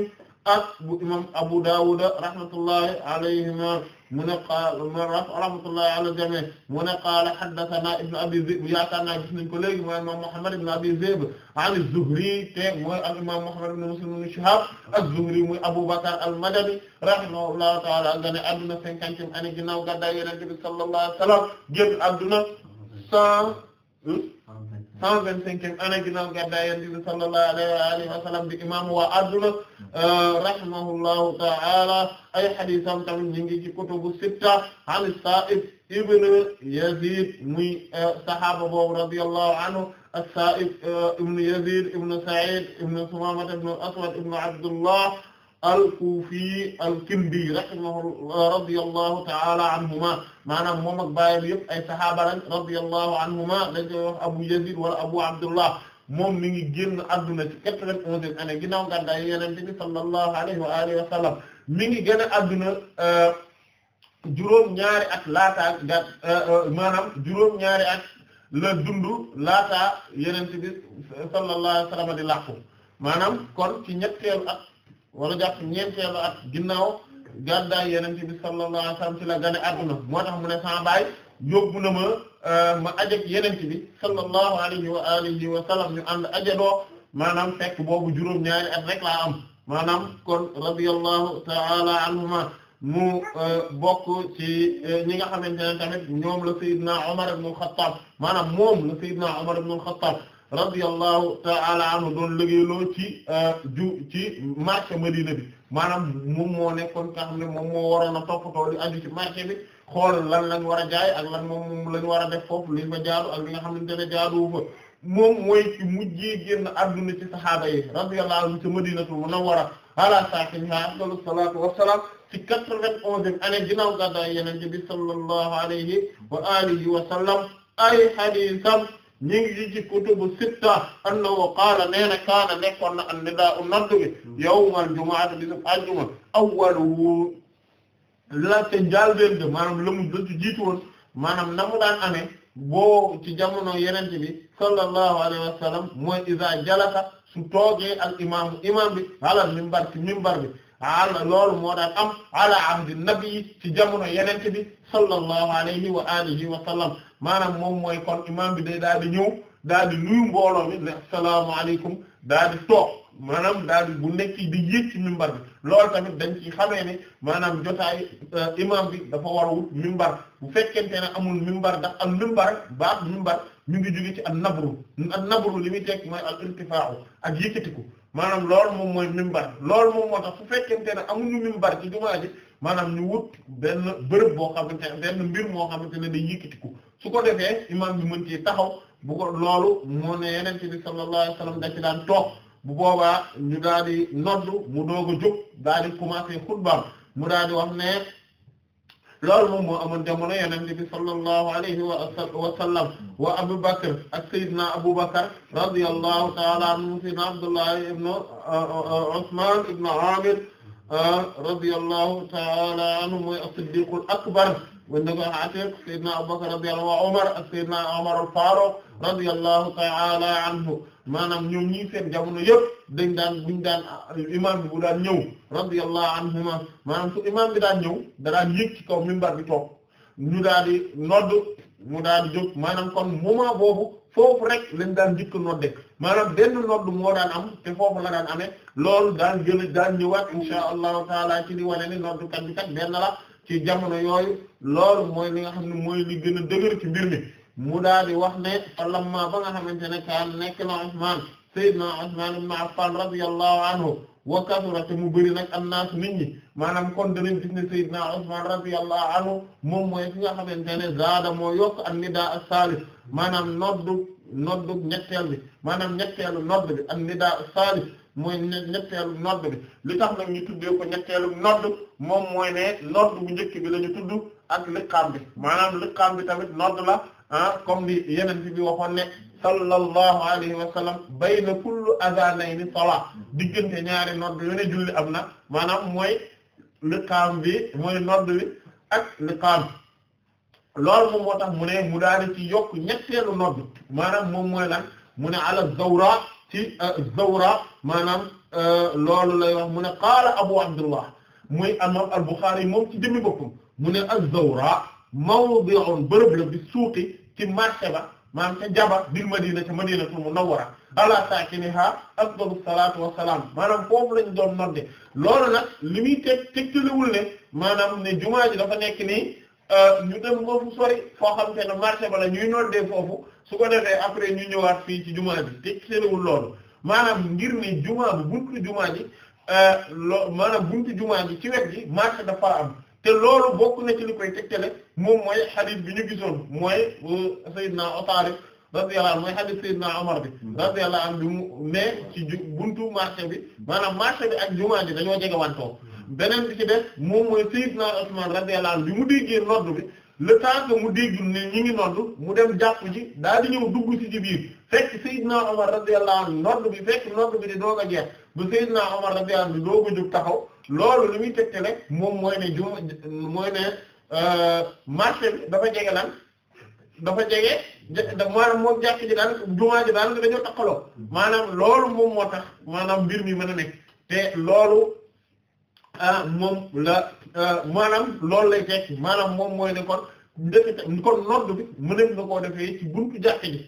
ak bu imam Abu Dawud rahmatullahi alayhima mu ne qaala rahmatullahi ala jami mu ne qaala haddathana ibnu abi Zi'b yaakaar naa gis nañ ko léegi mooy imam Muhammad ibnu abi Zi'b an az-Zuhri te mooy al imam Muhammad ibnu Muslim ibnu Shihab az-Zuhri muy Abu Bakr al-Madani rahimahullahu ta'ala gane adduna cinquantième année ginnaaw gàddaay Yonent bi sallallahu alayhi wa sallam génn adduna cent hmm? cent vingt cinquième année ginnaaw gàddaay Yonent bi sallallahu alayhi wa alihi wa sallam di imam waa adduna uh, rahimahullahu ta'ala ay hadiisam tamit ñu ngi ci kutubu sitta an Saa'ib ibn Yazid muy uh, sahaaba boobu radiyallahu anhu as-Saa'ib uh, ibn Yazid ibn Sa'id ibn Sumaamah ibn al-Aswad ibn Abdullah al-Kufi al-Kindi rahimahu radiyallahu ta'ala anhuma maanaam moom ak baayam yëpp ay sahaaba lañ radiyallahu anhuma dañ koy wax Abu Yazid wala Abu Abdullah moom mi ngi génn adduna ci quatre-vingt-onzième année ginnaaw gàddaay Yonent bi sallallahu alayhi wa alihi wa sallam mi ngi génn adduna euh, juróom ñaari at laataa ga euh, euh, maanaam juróom ñaari at la dundu laataa Yonent bi sallallahu alayhi wa sallam di làqu maanaam kon ci ñetteelu at wala jàpp ñeenteelu at ginnaaw gàddaay Yonent bi sallallahu alayhi wa sallam ci la gane adduna moo tax mu ne sama baay yóbbu na ma euh, ma ajak Yonent bi sallallahu alayhi wa alihi wa sallam ñu ànd ajadoo maanaam fekk boobu juróom-ñaari at rek laa am maanaam kon radiyallahu ta'ala anhuma mu euh, bokk ci ni euh, nga xamante ne tamit ñoom la Seydina Omar ibn al-Khattab maanaam moom la Seydina Omar ibn al-Khattab radiyallahu ta'ala anhu doon liggéeyloo ci euh, ju ci marché Madina bi maanaam moom moo nekkoon nga xam ne moom moo waroon a toppatoo li aju ci marché bi xool lan lañ war a jaay ak lan moom lañ war a def foofu li fa jaadu ak li nga xamante ne jaadu fa moom mooy ci mujjee génn adduna ci saxaaba yi radiyallahu anhu ci Madinatul Munawwara ala saakinihaa afdalu salaatu wassalaam ci quatre-vingt-onzième année ginnaaw gàddaay Yonent bi sallallahu alayhi wa alihi wa sallam ay hadiisam ñi ngi ci kutubu sitta annahu qaala nee na kaana nekkoon na an-nidaa'u nodd bi yawmal jumu'ati bisub àjjuma awwaluhu la te njaalbeen de maanaam la mu la ci jiitu woon maanaam na mu daan amee boo ci jamono yeneen bi sallallahu alayhi wa sallam mooy iza jalasa su toogee al imaamu imaam bi ala minbar ci minbar bi ala loolu moo am ala ahdi nabi ci jamono yenente bi sallallahu alayhi wa alihi wa maanaam moom mooy kon imam bi day daal di ñëw daal di mbooloo mi ne asalaamaaleykum daal di toog maanaam daal di bu nekk di yéeg ci mimbar bi loolu tamit dañ ci xamee ne maanaam jotaay euh, imam bi dafa war a wut mimbar bu fekkente ne amul mimbar ndax am mimbar baax mimbar ñu ngi jóge ci an nabru an nabru li muy teg mooy al irtifaa'u ak yëkkatiku maanaam loolu moom mooy mimbar lool moom moo tax su fekkente ne amuñu mimbar ci jumaa ji maanaam ñu wut benn bërëb boo xamante ne benn mbir moo xamante ne day yëkkatiku su ko defee imaam bi mën ci taxaw bu ko loolu moo ne yeneen bi sallallahu alayhi wasallam da ci daan toog bu boobaa ñu daal di noddu mu doog a jóg daal di commencer xutbaam mu daal di wax ne loolu moom moo amoon jamono yenente bi sallallahu alayhi wa sallam wa Abu Bakr ak sayyidina Abu Bakr radiyallahu ta'ala anhu sayyidina Abdullah ibn uh, uh, uh, Usman ibn Amir radiyallahu ta'ala anhu mooy as-Siddiq al-akbar mu ne ko Atiq sayyidina Abu Bakr radiyallahu wa Umar ak sayyidina Umar al-Faruq radiyallahu ta'ala anhu maanaam ñëw ñii seen jamono yëpp dañ daan buñ daan imaam bi bu daan ñëw radiyallahu anhuma maanaam su imaam bi daan ñëw da daan yëg ci kaw minbar bi toog ñu daal di nodd mu daal jóg maanaam kon moment boobu foofu rek lañ daan njëkk nodde maanaam benn nodd moo daan am te foofu la daan amee loolu daan jël daan ñëwaat insha allahu taala ci di wane ni noddkat bi kat benn la ci jamono yooyu loolu mooy li nga xam ne mooy li gën a dëgër ci mbir mi mu daa di wax ne lamma ba ne kaan nekk na Usmaan sayyidna Usmaan ibn Affaan radiyallahu anhu wa kasura te mu bëri nag annaas nit ñi maanaam kon danañ gis ne sayyidna Usmaan radiyallahu anhu moom mooy ki nga xamante ne zaada moo yokk an-nidaa as-saalis maanaam noddu noddu ñetteel bi maanaam ñetteelu nodd bi an-nidaa mooy ñetteelu nodd li tax nag ñu ko ñetteelu nodd moom mooy ne nodd bu njëkk bi la tudd ak liqaam bi maanaam liqaam bi tamit nodd la ah comme ni yeneen bi waxoon ne sallallahu alayhi wa sallam bayna kulli adhanayni salat diggante ñaari nodd yu ne julli am na maanaam mooy liqaam bi mooy nodd bi ak liqaam loolu moom mu ne mu daal ci yokk ñetteelu nodd maanaam moom mooy mu ne ala zawra ci euh, zawra maanaam euh, loolu lay wax mu ne qaala abu abdullah muy imam al-Bukhari moom ci jëmmi boppam mu ne az-zawra mawdi'un bërëb la bi suuqi ci marché ba maanaam ca jaba bil madina ca madinatul munawwara ala ak afdalu salaatu wassalaam maanaam foofu lañ doon nodde loolu nag li muy teg tegtaliwul ne maanaam ne jumaa ji dafa nekk nii euh, ñu dem foofu sori foo xam ne ne marché ba la ñuy noddee foofu su ko defee après ñu ñëwaat fii ci jumaa ji tegtaliwul loolu maanaam ngir ne jumaa bu buntu jumaa ji euh, loo maanaam buntu jumaa ji ci wet ji marché dafa am te loolu bokk na ci li koy tegtale moom mooy hadith bi ñu gisoon mooy euh, Seydina Otaari radiyallahu anhu mooy hadith Seydina Omar bi hmm. radiyallahu am bi mu ne ci buntu marché bi maanaam marché bi ak jumaa ji dañoo jege wantoo hmm. beneen bi ci def moom mooy Seydina Usman radiyallahu anhu bi mu déggee nodd bi le temps que mu dégg ne ñu ngi nodd mu dem jàpp ji daal di ñëw dugg ci ci biir fekk Seydina Omar radiyallahu anhu nodd bi fekk nodd bi di doog a jeex ba Seydina Omar radiyallahu anhu di taxaw loolu li muy tegtale moom mooy ne juma mooy ne euh, marché bi dafa jege lan dafa jege maanaam moom jàkk ji daan jumaa ji daan dañoo takkaloo maanaam loolu moom moo tax maanaam mbir mi mën a nekk te loolu euh, moom la euh, maanaam loolu lay tekki maanaam moom mooy ne kon defi kon nodd bi mëneef na koo defee ci buntu jàkk ji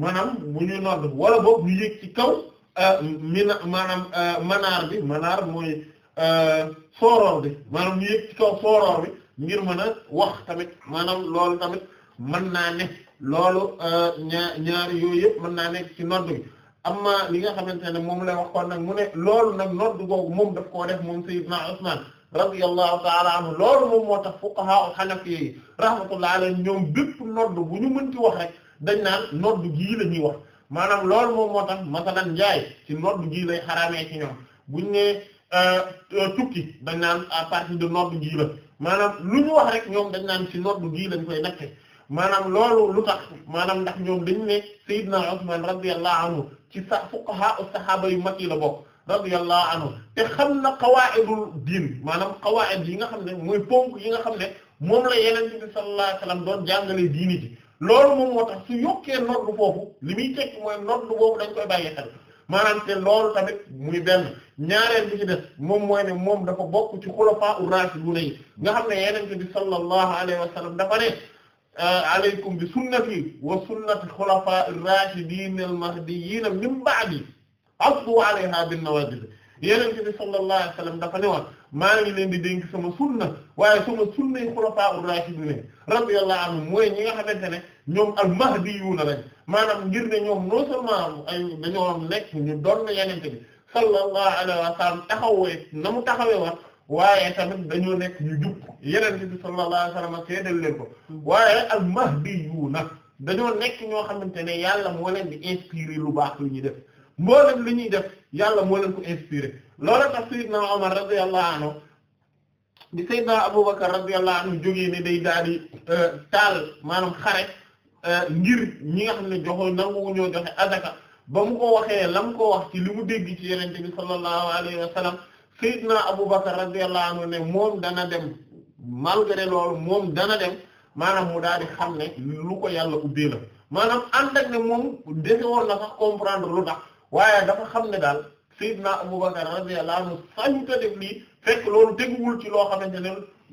maanaam bu ñuy nodd wala boog ñu yëg ci kaw mina maanaam manaar bi manaar mooy sooroor euh, bi maanaam ñu yëpp ci kaw sooroor bi ngir mën a wax tamit maanaam loolu tamit mën naa ne loolu euh, ñaar ñaari yooyu yëpp mën naa ne ci nodd bi amma li nga xamante ne moom lay waxoon nag mu ne loolu nag nodd googu moom daf koo def moom sayyidna Usman radiyallahu ta'ala anhu loolu moom moo tax fuqaha al-hanafi yi rahmatullahi alayhim ñoom bépp nodd bu ñu mënti wax rek dañ naan nodd gii la ñuy wax maanaam loolu moom moo tax masalan njaay ci nodd gii lay xaraamee ci ñoom buñ ne Euh, euh, tukki dañ naan à partir de noddu gii la maanaam lu ñu wax rek ñoom dañ naan ci noddu gii lañ koy natte maanaam loolu lu tax maanaam ndax ñoom dañu ne Seydina Usman radiyallahu anhu ci sa fuqaha as yu ma yi la bokk radiyallahu anhu te xam na qawaidul diin maanaam qawaid yi nga xam ne mooy ponk yi nga xam ne moom la yeneen bi sallallahu alayhi wasallam doon jàngalee diini ji loolu moom moo tax su yokkee noddu foofu li muy tekki mooy noddu boobu dañ koy bàyyi xel maanaam te loolu tamit muy benn ñaareel bi ci des moom mooy ne moom dafa bokk ci xulafaa u raashidun yi nga xam ne yenente bi sallallahu alayhi wa sallam dafa ne ah, alaykum bi sunnati wa sunnati xulafaa ar-raashidin al-mahdiyyin min ba'di addu 'alayha bin-nawaajid yenente bi sallallahu alayhi wa sallam dafa ne woon maa ngi leen di dénk sama sunna waaye sama sunna yi xulafaa ar-raashidun radiyallahu anhum mooy ñi nga xamante ne ñoom al-mahdiyuuna lañ maanaam ngir ne ñoom non seulement ay dañoo nekk ñu doon na yenente bi sallallahu alayhi wa sallam taxawee na mu taxawee wax waaye tamit dañoo nekk ñu jub yenente bi sallallahu alayhi wa sallam seedal leen ko waaye al dañoo nekk ñoo xamante ne yàlla moo leen di inspiré lu baax lu ñu def mboolem li ñuy def yàlla moo leen ko inspiré loola tax sayyidna Umar radiyallahu anhu di sayyidna Abubakar radiyallahu anhu jógee ne day daal di euh, taal maanaam xare Euh, ngir ñi nga xam ne joxoo nangu ñoo joxe azaka ba mu ko waxee la mu ko wax ci li mu dégg ci yenente bi sallallahu alayhi wa sallam sayyidna Abu Bakar radiyallahu anhu ne moom dana dem malgré loolu moom dana dem maanaam mu daal di xam ne lu ko yàlla ubbee la maanaam ànd ak ne moom defe woon na sax comprendre lu tax waaye dafa xam ne daal sayyidna Abu Bakar radiyallahu anhu ko ta def lii fekk loolu dégguwul ci loo xamante ne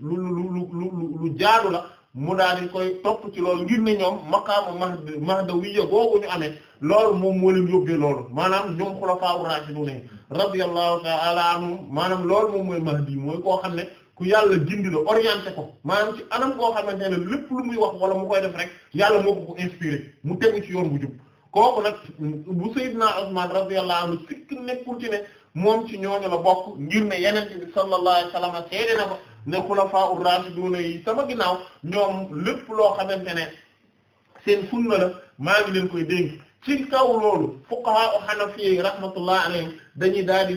lu lu lu lu lu jaadu la mu daal di koy topp ci loolu ngir ne ñoom maqaamu mahd mahdawiyya googu ñu amee loolu moom moo leen yóbbee loolu maanaam ñoom xulafaa raashidun radiyallahu ta'ala anhum maanaam loolu moom mooy mahdi mooy koo xam ne ku yàlla gindi la orienté ko maanaam ci anam koo xamante ne lépp lu muy wax wala mu koy def rek yàlla moo ko ko inspiré mu tegu ci yoon bu jub kooku nag bu Seydina Usmaan radiyallahu anhu sikk nekkul ne moom ci ñooñu la bokk ngir ne yeneen bi sallallahu alayhi wa ne xulafaa ur raashiduna yi sama ginnaaw ñoom lépp loo xamante ne seen sunna la maa ngi leen koy dénk ci kaw loolu fuqaha u xanafi rahmatullah alayhim dañuy daal di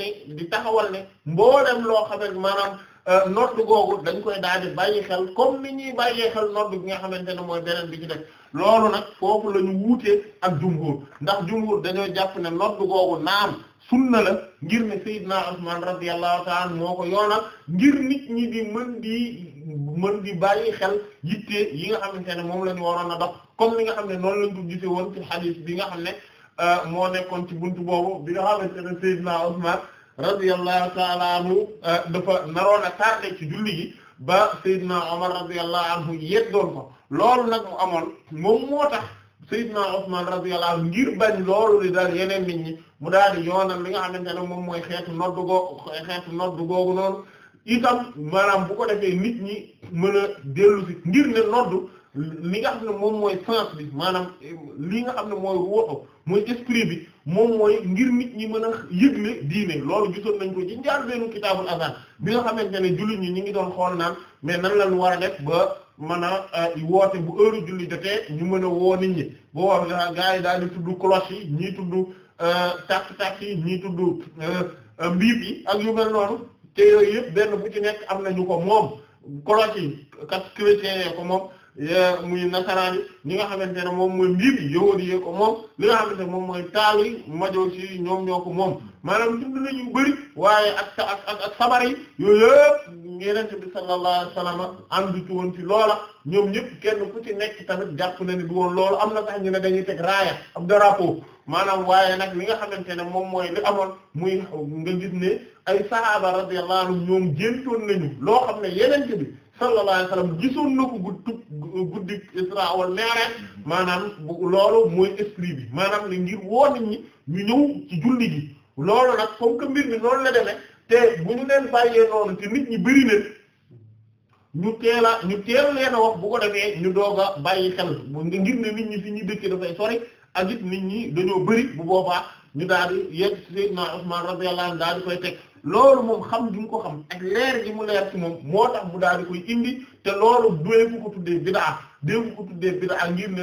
ne di taxawal ne mboolem loo xamante maanaam euh, nodd googu dañ koy daal di bàyyi xel comme ni ñuy bàyyee xel nodd bi nga xamante ne mooy beneen bi ci def loolu nag foofu la ñu wuutee ak jumhur ndax jumhur dañoo jàpp ne nodd googu naam sunna la ngir ne Seydina Usmaan radiyallahu ta'ala moo ko yoonal ngir nit ñi di mën di mën di bàyyi xel yitte yi nga xamante ne moom la ñu waroon a dox comme li nga xam ne noonu lañ ko gisee woon ci xadiis bi nga xam ne euh, moo nekkoon ci buntu boobu bi nga xamante euh, ci julli gi ba Seydina Omar yeddoon ko loolu nag mu amoon moom moo tax Seydina Usmaan radiyallahu ngir bañ loolu di daal yeneen nit ñi mu daal di yoonal li nga xamante ne moom mooy xeetu noddu goo xeetu noddu googu noonu itam maanaam bu ko defee nit ñi mën a dellu si ngir ne noddu li nga xam ne moom mooy sens bi maanaam li nga xam ne mooy ruuxu mooy esprit bi moom mooy ngir nit ñi mën a yëgle diine loolu gisoon nañ ko ci njaar beenu kitaabul azan bi nga xamante ne jullit ñi ñu ngi doon xool naan mais nan lañu war a def ba mën a euh, woote bu heure julli jotee ñu mën a woo nit ñi boo wax gaa yi daal di tudd cloche yi ñii tàkk-tàkk euh, yi ñii tudd euh, mbiib yi ak yu mel noonu te yooyu yëpp benn bu ci nekk am nañu ko moom koloc yi kat chrétiens yee ko moom muy nasaraan yi ñi nga xamante ne moom mooy mbiib yi ko moom li nga ne moom mooy taal yi majoo si ñoom ñoo ko moom maanaam tudd nañu bëri waaye ak ak ak ak sabar yi yooyu yëpp yeneen bi sallallahu alayhi wasallam àndu ci loola ñoom ñëpp kenn ku ci nekk tamit jàpp na ni du woon loolu am na sax ñu ne dañu teg raaya ab drapeau maanaam waaye nag li nga xamante ne moom mooy li amoon muy nga gis ne ay sahaaba radiyallahu anhum ñoom géntoon nañu loo xam ne yenente bi sallallahu alayhi wasallam gisoon na ko guddi guddi Isra wal Mi'raj maanaam loolu mooy esprit bi maanaam ne ngir woo nit ñi ñu ñëw ci julli gi loolu nag comme que mbir mi noonu la demee te bu ñu leen bàyyee noonu te nit ñi bëri na ñu teel ñu teel leen a wax bu ko defee ñu doog a bàyyi xel ngir ne nit ñi fi ñuy dëkk dafay sori ak nit ñi dañoo bëri bu boobaa ñu di yegg Seydina Usmaan radiyallahu anhu daal di koy teg loolu moom xam gi mu ko xam ak leer gi mu moom moo tax mu daal di koy indi te loolu doyefu ko tuddee bid'a déefu ko tuddee bid'a ngir ne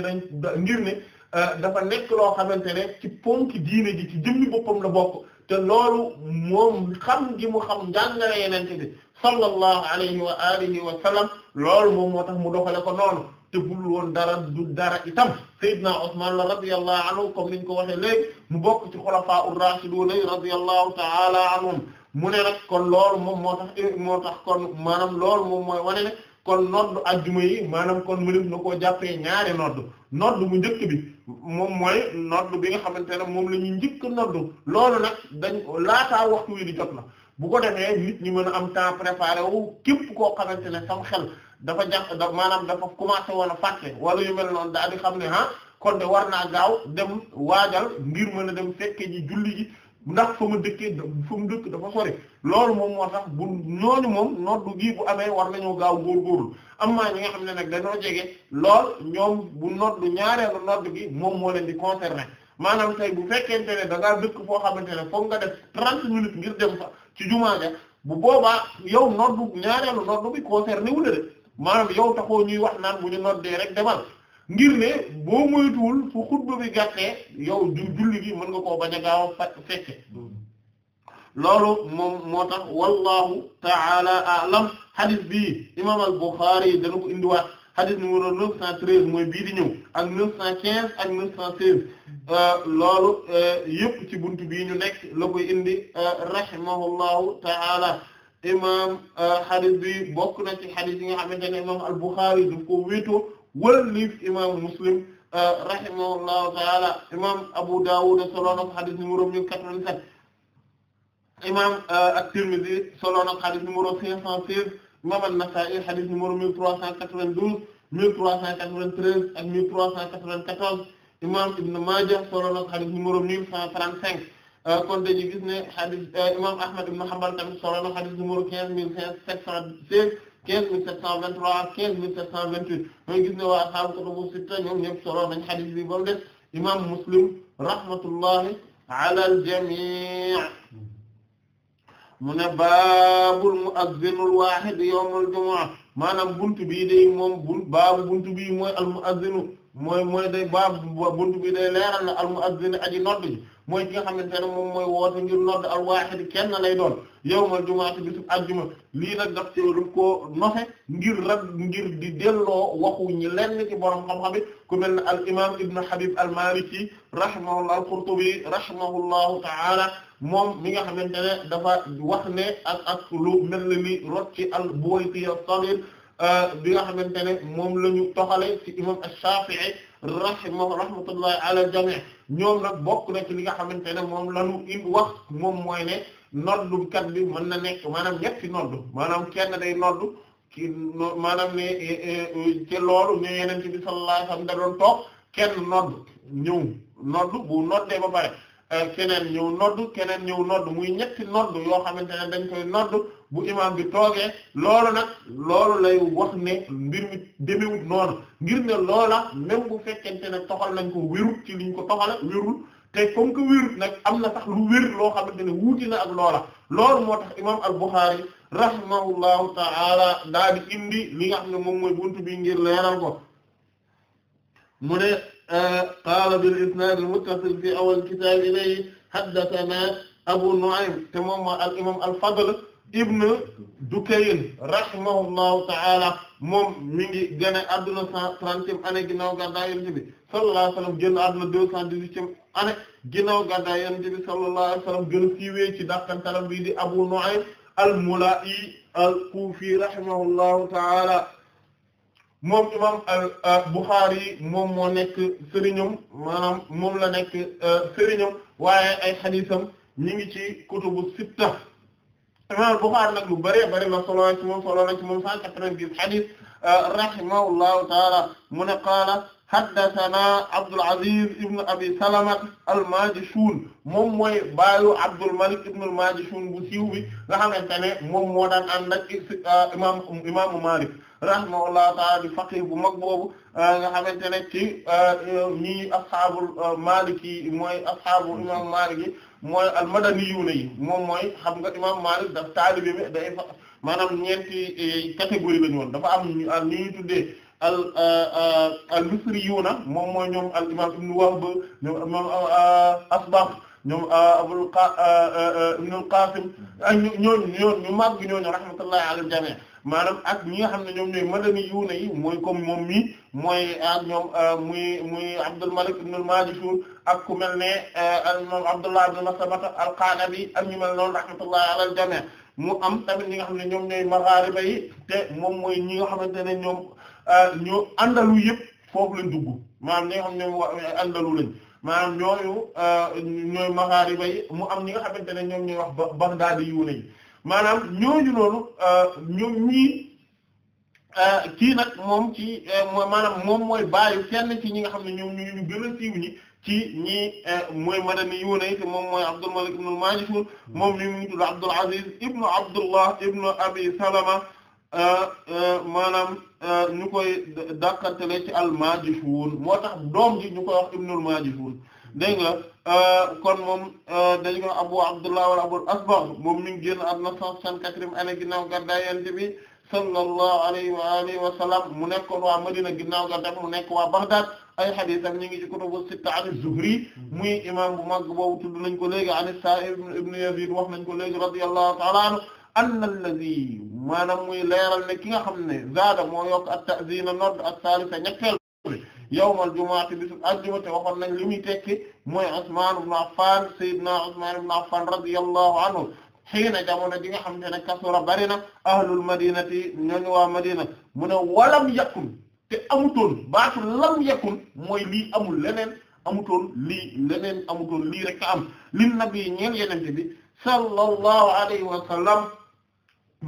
ngir ne euh, dafa nekk loo xamante ne ci ponk diine ji ci jëmmi boppam la bokk te loolu moom xam gi mu xam njàngale yenente bi sallallahu alayhi wa alihi wa sallam loolu moom moo tax mu doxale ko noonu te bul woon dara du dara itam Seydina Usmaan la radiyallahu ko comme niñ ko waxee léegi mu bokk ci xulafaa ur-raashidun radiyallahu ta'ala anhum mu ne rek kon loolu moom moo tax eh, moo tax kon maanaam loolu moom mooy wane ne kon nodd ajjuma yi maanaam kon mënef na koo jàppee ñaari nodd nodd bu njëkk bi moom mooy nodd bi nga xamante ne moom la ñuy njëkk nodd loolu nag dañ laataa waxtu wi di jot na bu ko defee nit ñi mën a am temps préparé wu képp koo xamante ne sam xel dafa jàpp da maanaam dafa commencé woon a fàtte wala yu mel daal di xam ne ah kon de war naa gaaw dem waajal ngir mën a dem fekke ji julli ji ndax fa ma dëkkee fa mu dëkk dafa sori loolu moom moo tax bu ñooñu moom noddu gi bu amee war nañoo gaaw góorgóorlu am maa ñi nga xam ne nag dañoo jege lool ñoom bu noddu ñaareelu noddu gi moom moo leen di concerner maanaam tey bu fekkente ne da ngaa dëkk foo xamante ne foog nga def 30 minutes ngir dem fa ci jumaa bu boobaa yow noddu ñaareelu noddu bi concerné wu la de. maanaam yow taxoo ñuy wax naan bu ñu noddee rek demal ngir ne boo moytuwul fu xutba bi gàttee yow du julli gi mën nga ko bañ a gaaw a fekke loolu moom moo tax wallahu taala alam hadis bii imam al Bukhari dana ko indiwaat hadis numéro 913 mooy bii di ñëw ak 915 ak 916 euh, loolu euh, yëpp ci buntu bii ñu nekk la koy indi euh, rahimahullahu taala imaam euh, hadith bi bokk na ci hadith yi nga xamante ne imaam al-Bukhari daf ko wéetoo wëlif imaam Muslim euh, rahimahullahu taala imaam Abu Dawud solo na ko hadith numéro 1087 imaam euh, at-Tirmidhi solo na ko hadith numéro 516 imaam an-Nasa'i hadith numéro 1392 1393 ak 1394 imaam Ibn Majah solo na ko hadith numéro 1135 Euh, kon dañuy gis ne hadith euh, imam Ahmad ibn Hanbal tamit solo na hadith numéro quinze mille cinq sept cent seize quinze mille sept cent vingt trois quinze mille sept cent vingt huit mooy gis ne waa ashaabu kutubu sitta ñoom ñëpp solo nañ hadith bi ba mu des imam Muslim rahmatullahi ala al-jamii mu ne baabul mu'azzinul waahid yawmul jumu'a maanaam buntu bii day moom bu baabu buntu bii mooy al mu'azzinu mooy mooy day baabu buntu bii day leeral na al mu'azzinu aji noddu ji mooy ki nga xamante ne moom mooy woote ngir nodd al-waahid kenn lay doon yawmal jumaati bisub aljuma lii nag daf teelum koo noxe ngir rag ngir di delloo waxu ñi lenn ci borom xam ku mel ne al imaam Ibn Habib al-Maliki rahimahullah al-Qurtubi rahimahullahu ta'ala moom mi nga xamante ne dafa wax ne ak ak mel li rot ci al-Buwayti as-Saghir euh, bi nga xamante ne moom la ñu toxale ci imaam ash-Shafi'i rahimahu rahmatullahi ala jami ñoom nag bokk na ci li nga xamante ne moom lanu in wax moom mooy ne kat bi mën na nekk maanaam ñetti noddu maanaam kenn day noddu ki maanaam ne e, e, e, ci loolu ne yeneen bi sallallahu alayhi wasallam da doon kenn noddu bu noddee ba pare Euh, keneen ñëw nodd keneen ñëw nodd muy ñetti nodd yoo xamante ne dañ koy nodd bu imaam bi toogee loolu nag loolu lay wax ne mbir mi demewut noonu ngir ne loola même bu fekkente ne toxal nañ ko wérut ci liñ ko toxale wérul te comme que wérut nag am na tax lu wér loo xamante ne wuuti na ak loola loolu moo tax imaam al-Bukhari rahimahullahu ta'ala daal di indi li nga xam ne moom mooy buntu bi ngir leeral ko mu ne qaala bil isnaad al muttasil fi awwal kitaab ilayhi haddathanaa Abu Nu'aym te moom mooy al imaam al Fadl ibn Dukayn rahimahullahu ta'ala moom mi ngi génn àdduna 130e année ginnaaw gàddaay Yonent bi sallallahu alayhi wa sallam génn àdduna 218e année ginnaaw gàddaay Yonent bi sallallahu alayhi wa sallam gën a siiwee ci dàqantalam bi di Abu Nu'aym al Mula'i al Kufi rahimahullahu ta'ala moom imam al euh, Bukhari moom moo nekk sëriñam moom la nekk euh, waaye ay xadiisam ñi ngi ci kutubu sitta imam al Bukhari nag lu bëree bëri la solo ci moom solo na ci moom cent quatre-vingt-dix xadiis euh, rahimahullahu taala mu ne qaala haddathana Abdul Aziz Abdul Malik ibn al-Majishun bu siiw bi nga xamante ne imam Malik rahimahullahu taala di faqih bu mag boobu euh, nga xamante ne ci euh, ñii asxaabul euh, maliki mooy asxaabu imam Maalik yi mooy almadani yu ne yi moom mooy xam nga imam Maalik daf taalibe bi day fa maanaam ñeenti eh, catégorie la ñu woon dafa am ñu ñuy tuddee al al misriyuuna moom mooy ñoom al imam ibn Wahb ñoom imam Asbagh ñoom Abul Qaasim ñooñu ñooñu ñu màgg ñooñu rahmatullahi alal jamii maanaam ak ñi nga xam ne ñoom ñooy madani yuuna yi mooy comme moom mi mooy ak ñoom euh, muy muy Abdul Malik ibn al ak ku mel ne euh, moom Abdullah ibn Maslamata al-Qanabi ak ñu mel noonu rahmatullahi ala mu am tamit ñi nga xam ne ñoom ñooy maghariba yi te moom mooy ñi nga xamante ne ñoom euh, ñoo andalu yëpp foofu lañ dugg maanaam na nga xam ne ñoom andalu lañ maanaam ñooñu ñooy maghariba yi mu am ñi nga xamante ne ñoom ñooy wax Baghdadi yuuna yi maanaam ñooñu noonu euh, ñoom ñii euh, kii nag moom ci euh, maanaam moom mooy bàyyi kenn ci ñi nga xam ne ñoom ñu ñu gën a siiw ñi ci ñii mooy madani yu ne te moom mooy Abdul Malik ibn Majishun moom ni mu ngi tudd Abdul Aziz ibnu Abdullah ibnu Abi Salama maanaam ñu koy dàkkantele ci al Majishun moo tax doom ji ñu koy wax ibnul Majishun dégg nga euh, kon moom euh, dañu ko Abu Abdullah wala Abu Asbagh moom mi ngi génn àdduna 164e année ginnaaw gàddaay Yonent bi sallallahu alayhi wa alihi wa sallam mu nekkoon waa Madina ginnaaw gàddaay mu nekk waa Baghdad ay xadiisam ñu ngi ci kutubu sitta an Zuhri muy imam bu mag boobu tudd nañ ko léegi an Sa'ib ibn Yazid wax nañ ko léegi radiyallahu ta'ala anhu anna allazi maanaam muy leeral ne ki nga xam ne zaada moo yokk at ta'zina nodd ak salisa ñetteel yawmal jumaati bisub àjjuma te waxoon nañ li muy tekki mooy Usmaan ibn Affan sayyidina Usmaan ibn Affan radiyallahu anhu xiina jamono ji nga xamante ne kasura bari na ahlul madinati ñooñu waa madina mu ne walam yakun te amutoon baatu lam yakun mooy lii amul leneen amutoon lii leneen amutoon lii rek am lin nabi ñeen yenente bi sallallahu alayhi wa sallam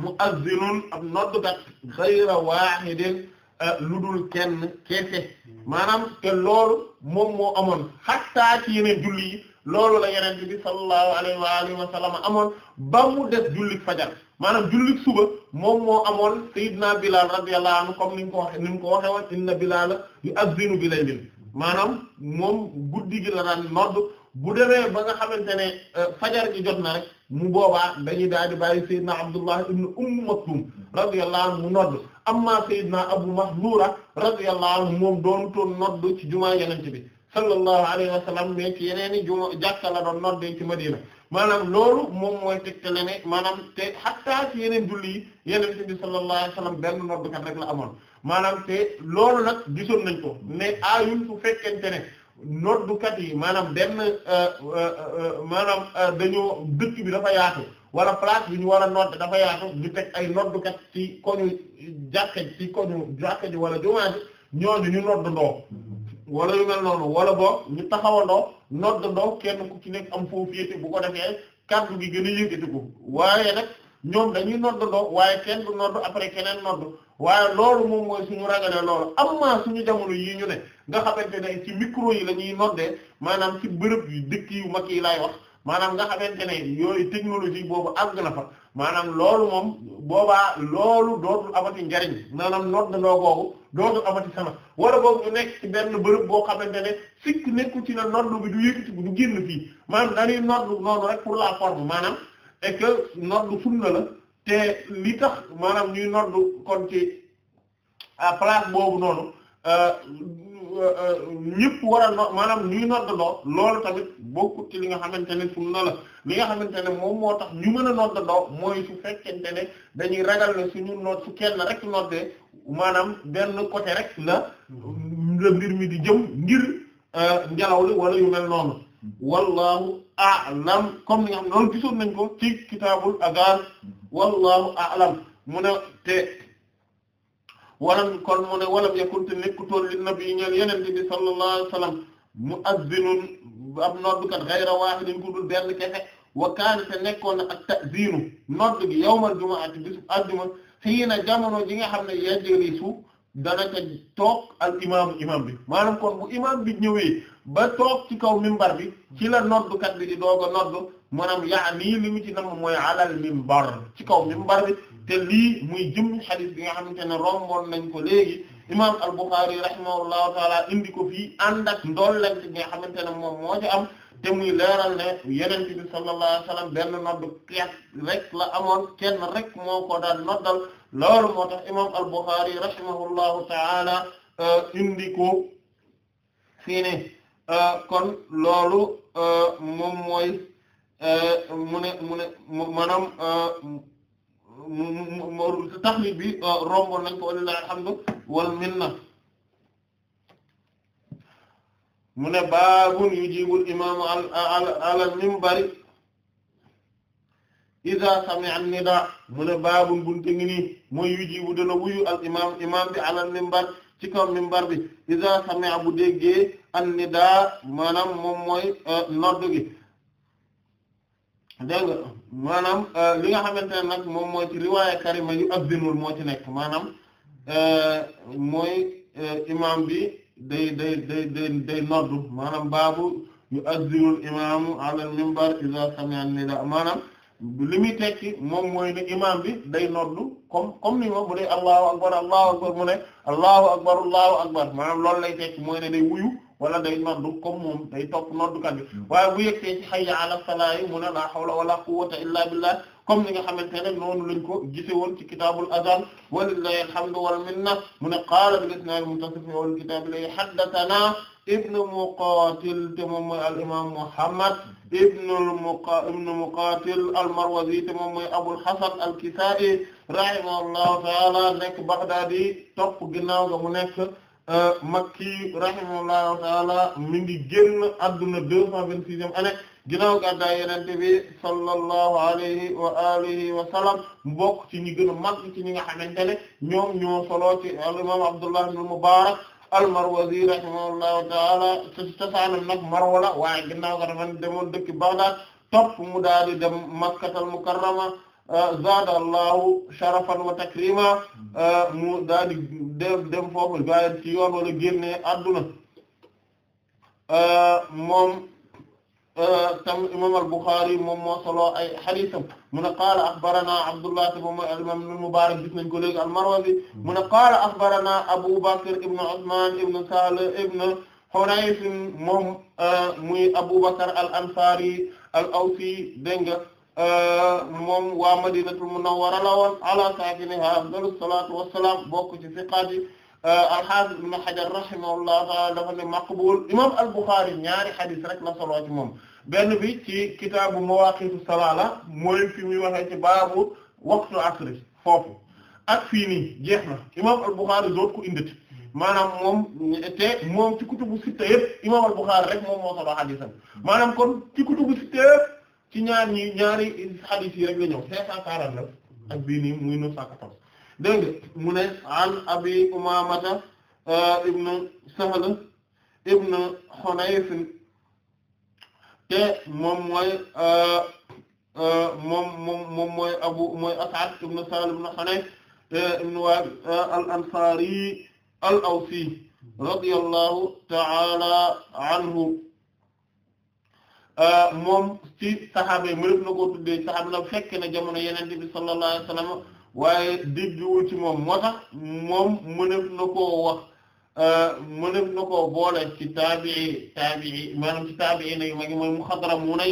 mu'azzinun ab noddkat ghayra wahidin Euh, lu dul kenn keese maanaam te loolu moom moo amoon xattaa ci yeneen julli yi loolu la yeneen bi sallallahu alayhi wa alihi wa sallam amoon ba mu des jullik fajar maanaam jullik suba moom moo amoon sayyidina Bilaal radiyallahu anhu comme ni ñu ko waxe ni ñu ko waxe woon inna Bilaal yu'azzinu bi laylin maanaam moom guddi gi la daan nodd bu demee ba nga xamante ne euh, fajar gi jot na rek mu boobaa dañuy daal di bàyyi Seydina Abdullah ibn Umm Maktum radiyallahu anhu mu nodd amma Seydina Abu Mahdura radiyallahu anhu moom doon to nodd ci jumaa yenente bi sallallahu alayhi wa sallam mais ci yeneen i juma jàkka la doon noddee ci Madina maanaam loolu moom te le ne maanaam te xatta ci yenen julli yi yenente bi sallallahu alayhi wa sallam benn noddkat rek la amoon maanaam te loolu nag gisoon nañ ko ne aayul su fekkente ne noddukat yi maanaam benn euh, euh, euh, maanaam dañoo dëkk bi dafa yaatu wala place bi ñu war a nodd dafa yaatu ñu teg ay noddukat ci koñu jàkka ci koñu jàkka ji wala jumaa yi ñooñu ñu noddandoo wala yu mel noonu wala boog ñu taxawandoo noddandoo kenn ku ci nekk am foofu féete bu ko defee kàddu gi gën a yëkkatiku waaye nag ñoom dañuy noddandoo waaye kenn du noddu après keneen noddu waaye loolu moom mooy suñu ragale loolu amma suñu jamono yii ñu ne nga xamante ne ci micro yi la ñuy noddee maanaam ci bërëb yi dëkk yu mag yi laay wax maanaam nga xamante ne yooyu technologie boobu àgg na maanaam loolu moom boobaa loolu dootul amati njariñ maanaam noddandoo boobu dootul amati sama wala boobu ñu nekk ci benn bërëb boo xamante ne sikk nekku ci na noddu bi du yëkkati du génn fii maanaam dañuy noddu noonu rek pour la forme maanaam et que noddu sunna la te li tax maanaam ñuy noddu kon ci place boobu noonu euh, euh, ñëpp war a no maanaam ñuy noddandoo loolu tamit bokkut ci li nga xamante ne sunna la li nga xamante ne moom moo tax ñu mën a noddandoo mooy su fekkente ne dañuy ragal ne suñu nodd su kenn rek noddee maanaam benn côté rek na mm-hmm. la mbir mi di jëm ngir euh, ngelaw li wala yu mel noonu wallahu a'lam comme ni nga xam loolu gisoon nañ ko ci kitaabul adaan wallahu a'lam mu ne te walam kon mu ne walam yakun te nekkutoon li nabi ñeen yenente bi sallallahu alayhi wasallam mu'azzinun ab noddukat ghayra wahidin ku dul benn kefe wa kaana te nekkoon na ak ta'zinu nodd gi yawmal jumu'ati bisu aljuma xiina jamono ji nga xam ne yajlisu dana ca toog al imaamu imaam bi maanaam kon bu imaam bi ñëwee ba toog ci kaw mimbar bi ci la noddukat bi di doog a noddu maanaam yaani li mu ci nam mooy alal mimbar ci kaw mimbar bi te lii muy jëm xadis bi nga xamante ne romboon nañ ko léegi imam al-Bukhari rahimahullahu taala indi ko fii ànd ak ndolleent bi nga xamante ne moom moo ci am te muy leeral ne yenente bi sallallahu alayhi wasallam noddu kees rek la amoon kenn rek moo ko daan noddal loolu moo tax imam al-Bukhari rahimahullahu taala euh, indi ko fii ne Euh, kon loolu euh, moom mooy euh, mu ne mu ne maanaam taxrij bi romboon nañ ko walillahi alhamdu wal minna mu ne baabun yujibul imaamu ala mimbari iza sami'a nidaa mu ne baabun bunte ngi nii mooy yujibu dana al imaam bi ala mimbar ci kaw minbar bi iza sami'a bu déggee an-nidaa maanaam moom mooy euh, nodd gi dégg nga maanaam euh, li nga xamante ne nag moom mooy ci riwaaya karima yu abdinul moo ci nekk maanaam euh, mooy imaam bi day day day day day noddu baabu yu abdinul imaamu ala minbar iza sami'a an-nidaa li muy tekki moom mooy ne imam bi day noddu comme comme ni moom bu dee allahu akbar allahu akbar mu ne allahu akbar allahu akbar maanaam loolu lay tekki mooy ne day wuyu wala day noddu comme day topp noddukat bi hmm. waaye bu yegsee ci hayya ala salaa yi mu ne la hawla wala quwwata illa billah comme ni nga xamante ne noonu lañ ko gise woon ci kitaabul azaan walillahi alhamdu wal minna mu ne qaala bil isnaad muttasil fi awwal kitaab li haddathanaa ibn Muqatil te moom mooy al imaam Muhammad ibn Muqatil al Marwazi te moom mooy Abul Hasan al Kisaa'i rahimahullahu ta'ala nekk Baghdadi topp ginnaaw nga mu nekk euh, Makki rahimahullahu ta'ala mi ngi génn adduna deux cent vingt-sixième année ginnaaw gàddaay Yonent bi sallallahu alayhi wa alihi wa sallam mbokk ci ñi gën a mag ci ñi nga xamante ne ñoom ñoo solo ci al imaam Abdullah ibn Mubarak al-Marwazi rahimahullahu ta'ala cosaanam nag Marwa la waaye ginnaaw ga dafa demoon dëkk Baghdad topp mu daal di dem Makkatal Mukarrama euh, zaada Allahu sharafan wa takrima euh, mu daal di dem dem foofu waaye ci yoon wala génne adduna euh, moom. tam imam al-Bukhari moom moo solo ay hadiisam mu ne qaala axbaranaa Abdullah te moom mooy al-imam al-Mubaarak gis nañ ko léegi al-Marwazi mu ne qaala axbaranaa Abu Bakr ibn Usmaan ibn Sahl ibn Hunayf moom euh, muy Abu Bakr al-Ansaari al-Awsi dégg nga euh, moom waa Madinatul Munawwara la woon ala saakinihaa afdalu salaatu wa salaam bokk ci siqaat yi euh, al-Haafiz ibn Hajar rahimahullahu ta'aala dafa ne maqbuul imaam al-Bukhari ñaari hadiis rek la solo ci moom. benn bi ci kitaabu mawaaqitu salaa la mooy fi muy waxee ci baabu waqtu asri foofu ak fii nii jeex na imaam al-Bukhari doot ko indati maanaam moom te moom ci kutubu sitta yëpp imaam al-Bukhari rek moom moo solo xadiisam maanaam kon ci kutubu sitta yëpp ci ñaar ñi ñaari xadiis yi rek la ñëw 549 ak bii nii muy 914 dégg nga mu ne an abi Umaamata euh, ibnu Sahl ibnu Hunayf te moom mooy euh, euh, moom moom moom mooy abu mooy As'ad ibn Salim ibn Hunayf ibn Wa'il euh, al-Ansari al-Awsi radiyallahu ta'ala anhu moom na koo tuddee saxaaba na fekk na jamono yenente bi sallallahu alayhi wasallam waaye déggiwul ci moom moo tax moom mënef na koo mëneb na koo boole ci taabii taabii maanaam ci taabii na yu magi mooy muxadram nay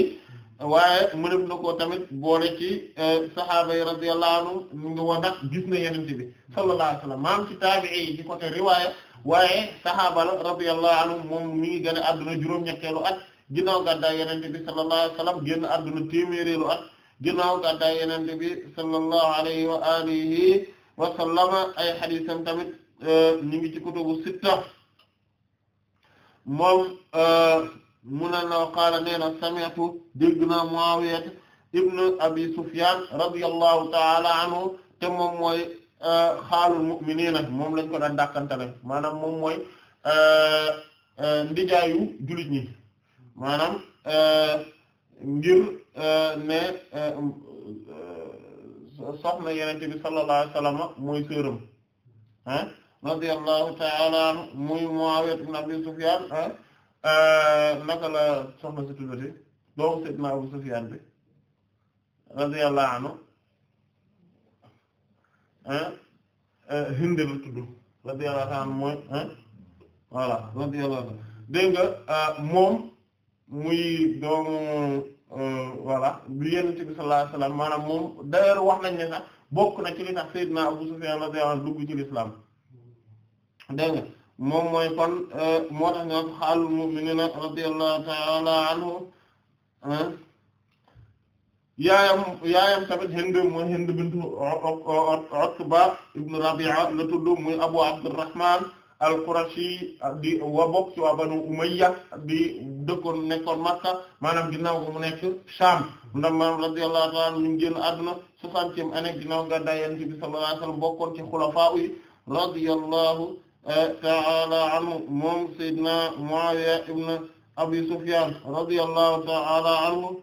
waaye mëneb na koo tamit boole ci e, sahaaba yi radiyallahu anhum mu ngi woon nag gis na yenente bi sallallahu alayhi wasallam maanaam ci taabii yi ci côté riwaaya waaye sahaaba la radiyallahu anhum moom mi ngi gën a adduna juróom-ñetteelu at ginnaaw gàddaay yenente bi sallallahu alayhi wasallam génn adduna téeméereelu at ginnaaw gàddaay yenente bi sallallahu alayhi wa alihi wa sallama ay hadiisam tamit Euh, ñu ngi ci kutubu sitta moom euh, mu ne la qaala nee na sami'tu dégg naa Muawiya ibn Abi Sufyan radiyallahu ta'ala anhu te moom mooy euh, xaalul mu'minina moom lañ ko daan dàkkantale maanaam moom mooy ndijaayu jullit ñi maanaam ngir ne soxna Yonent bi sallallahu alayhi mooy sëram ah radiyallahu ta'ala anhu muy Muawiya ibn Abi Sufyan euh, naka la soxna si tuddati doomu Seydina Abu Sufyan bi radiyallahu anhu euh, Hind la tudd radiyallahu ta'ala mooy voilà radiyallahu ta'ala dégg nga euh, moom muy doomu voilà bi Yonent bi sallallahu alayhi wasallam moom d'ailleurs wax nañ ne sax bokk na ci li tax Seydina Abu Sufyan radiyallahu dugg ci l'islam dégg nga moom mooy kon euh, moo tax nga xaalul mu'minina ta'ala anhu yaayam yaayam tamit Hind mooy Hind bintu Utba ibn Rabi'a la tudd muy Abu Abdurrahman al-Qurashi di wa bokk ci waa Banu Umayya di dëkkoon nekkoon Makka maanaam ginnaaw ko mu nekk Sham ndax maanaam radiyallahu ta'ala anhu ñu ngi génn àdduna soixantième année ginnaaw gàddaay Yonent bi sallallahu alayhi wasallam ta'ala anhu moom Seydina Muawiya ibn Abi Sufyan radiyallahu ta'ala anhu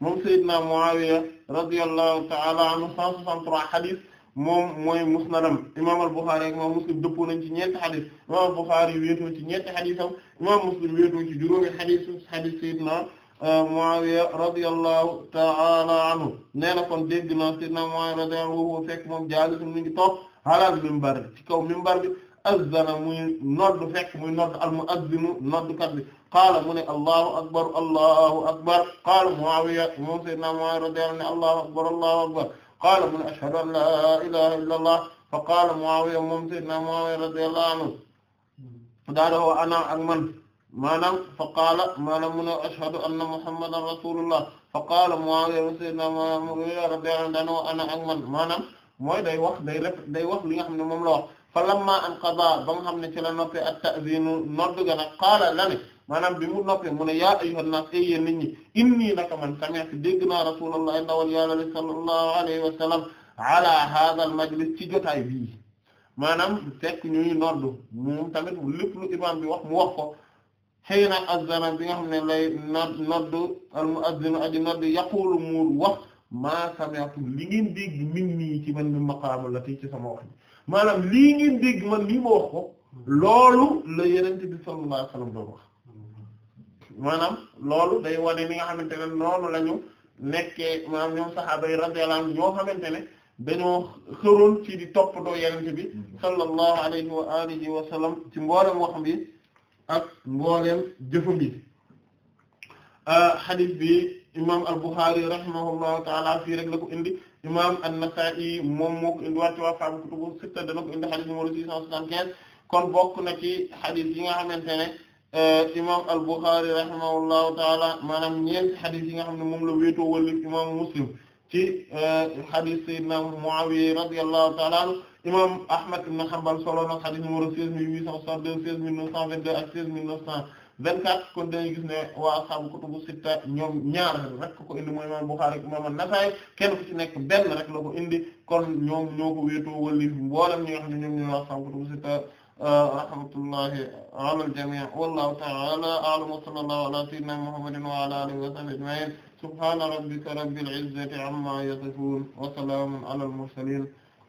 moom Seydina Muawiya radiyallahu ta'ala anhu 163 xadis moom mooy musnadam imaam al-Bukhari ak imaam Muslim dëppoo nañ ci ñeenti xadis imaam al-Bukhari wéetoo ci ñetti xadisam imaam Muslim wéetoo ci juróomi xadis xadis Seydina Muawiya radiyallahu ta'ala anhu nee na kon dégg na sayyidina Muawiya radiyallahu anhu fekk moom jaalisu mi ngi toog alal minbar ci kaw minbar bi azzana muy noddu fekk muy noddu al muazzinu noddukat bi qaala mu ne allahu akbar allahu akbar qaala Muawiya moom sayyidina Muawiya radiyallahu anhu ne allahu akbar allahu akbar qaala mu ne ashhadu an la ilaha illa allah fa qaala Muawiya moom sayyidina Muawiya radiyallahu anhu daada ana ak man maanaam fa qaala maanaam mu ne ashhadu anna muhammadan rasulullah fa qaala Muawiya sayyidina Muawiya radiyallahu anhu dana ana ak man maanaam mooy day wax day ref day wax li nga xam ne moom la wax fa lamma ba xam ne ci la noppe ak ta'zinu nodd ga nag qaala maanaam bi mu noppe mu ne yaa ayyuhan naas ay yéen nit ñi inni naka man sami'tu dégg naa rasulullah ndawal yàlla li sallallahu alayhi wa sallam ala hadha al majlis ci jotaay bii maanaam fekk ñuy nodd moom tamit lépp lu bi wax mu wax ko xëy na azzana bi nga xam ne lay nodd nodd al muazzin aji nodd yaqulu muur wax maa sami'tu li ngeen dégg min nii ci man mi maqaama la ci sama wax maanaam lii ngeen dégg man lii ma wax ko la yenente bi sallallahu alayhi maanaam loolu day wane ni nga xamante ne noonu lañu ñu nekkee maanaam ñoom sahaaba yi ñoo xamante ne dañoo xëroon ci di toppatoo yenente bi mm-hmm. sallallahu alayhi wa alihi wa sallam ci mboolem wax bi ak mbooleem jëfam yi ah, bi imaam al-Bukhari rahimahullahu taala fii rek la ko indi imaam an-Nasa'i moom moo ko indi waat waa faamu kutubu sitta dana ko indi hadith numéro 675 kon bokk na ci hadith yi nga xamante ne eh, imaam al-Bukhari rahimahullahu taala maanaam ñeenti hadith yi nga xam ne moom la wéetoo wala imaam Muslim ci hadith eh, sayyidina taala anhu imam Ahmad ibn Hanbal solo na hadith numéro 16862 16922 ak 16924 kon dañuy gis ne waa ashaabu kutubu sitta ñoom ñaar rek ko indi mooy imam Bukhari ak imam An-Nasa'i kenn ku ci nekk benn rek la ko indi kon ñoom ñoo ko wéetoo wala mboolem ñi nga xam ne ñoom ñooy waa ashaabu kutubu sitta euh, rahmatullahi ala al-jami' wallahu ta'ala a'lam wa sallallahu ala sayyidina Muhammadin wa ala alihi wa sahbihi ajma'in subhana rabbika rabbil izzati amma yasifun wa salamun ala al-mursalin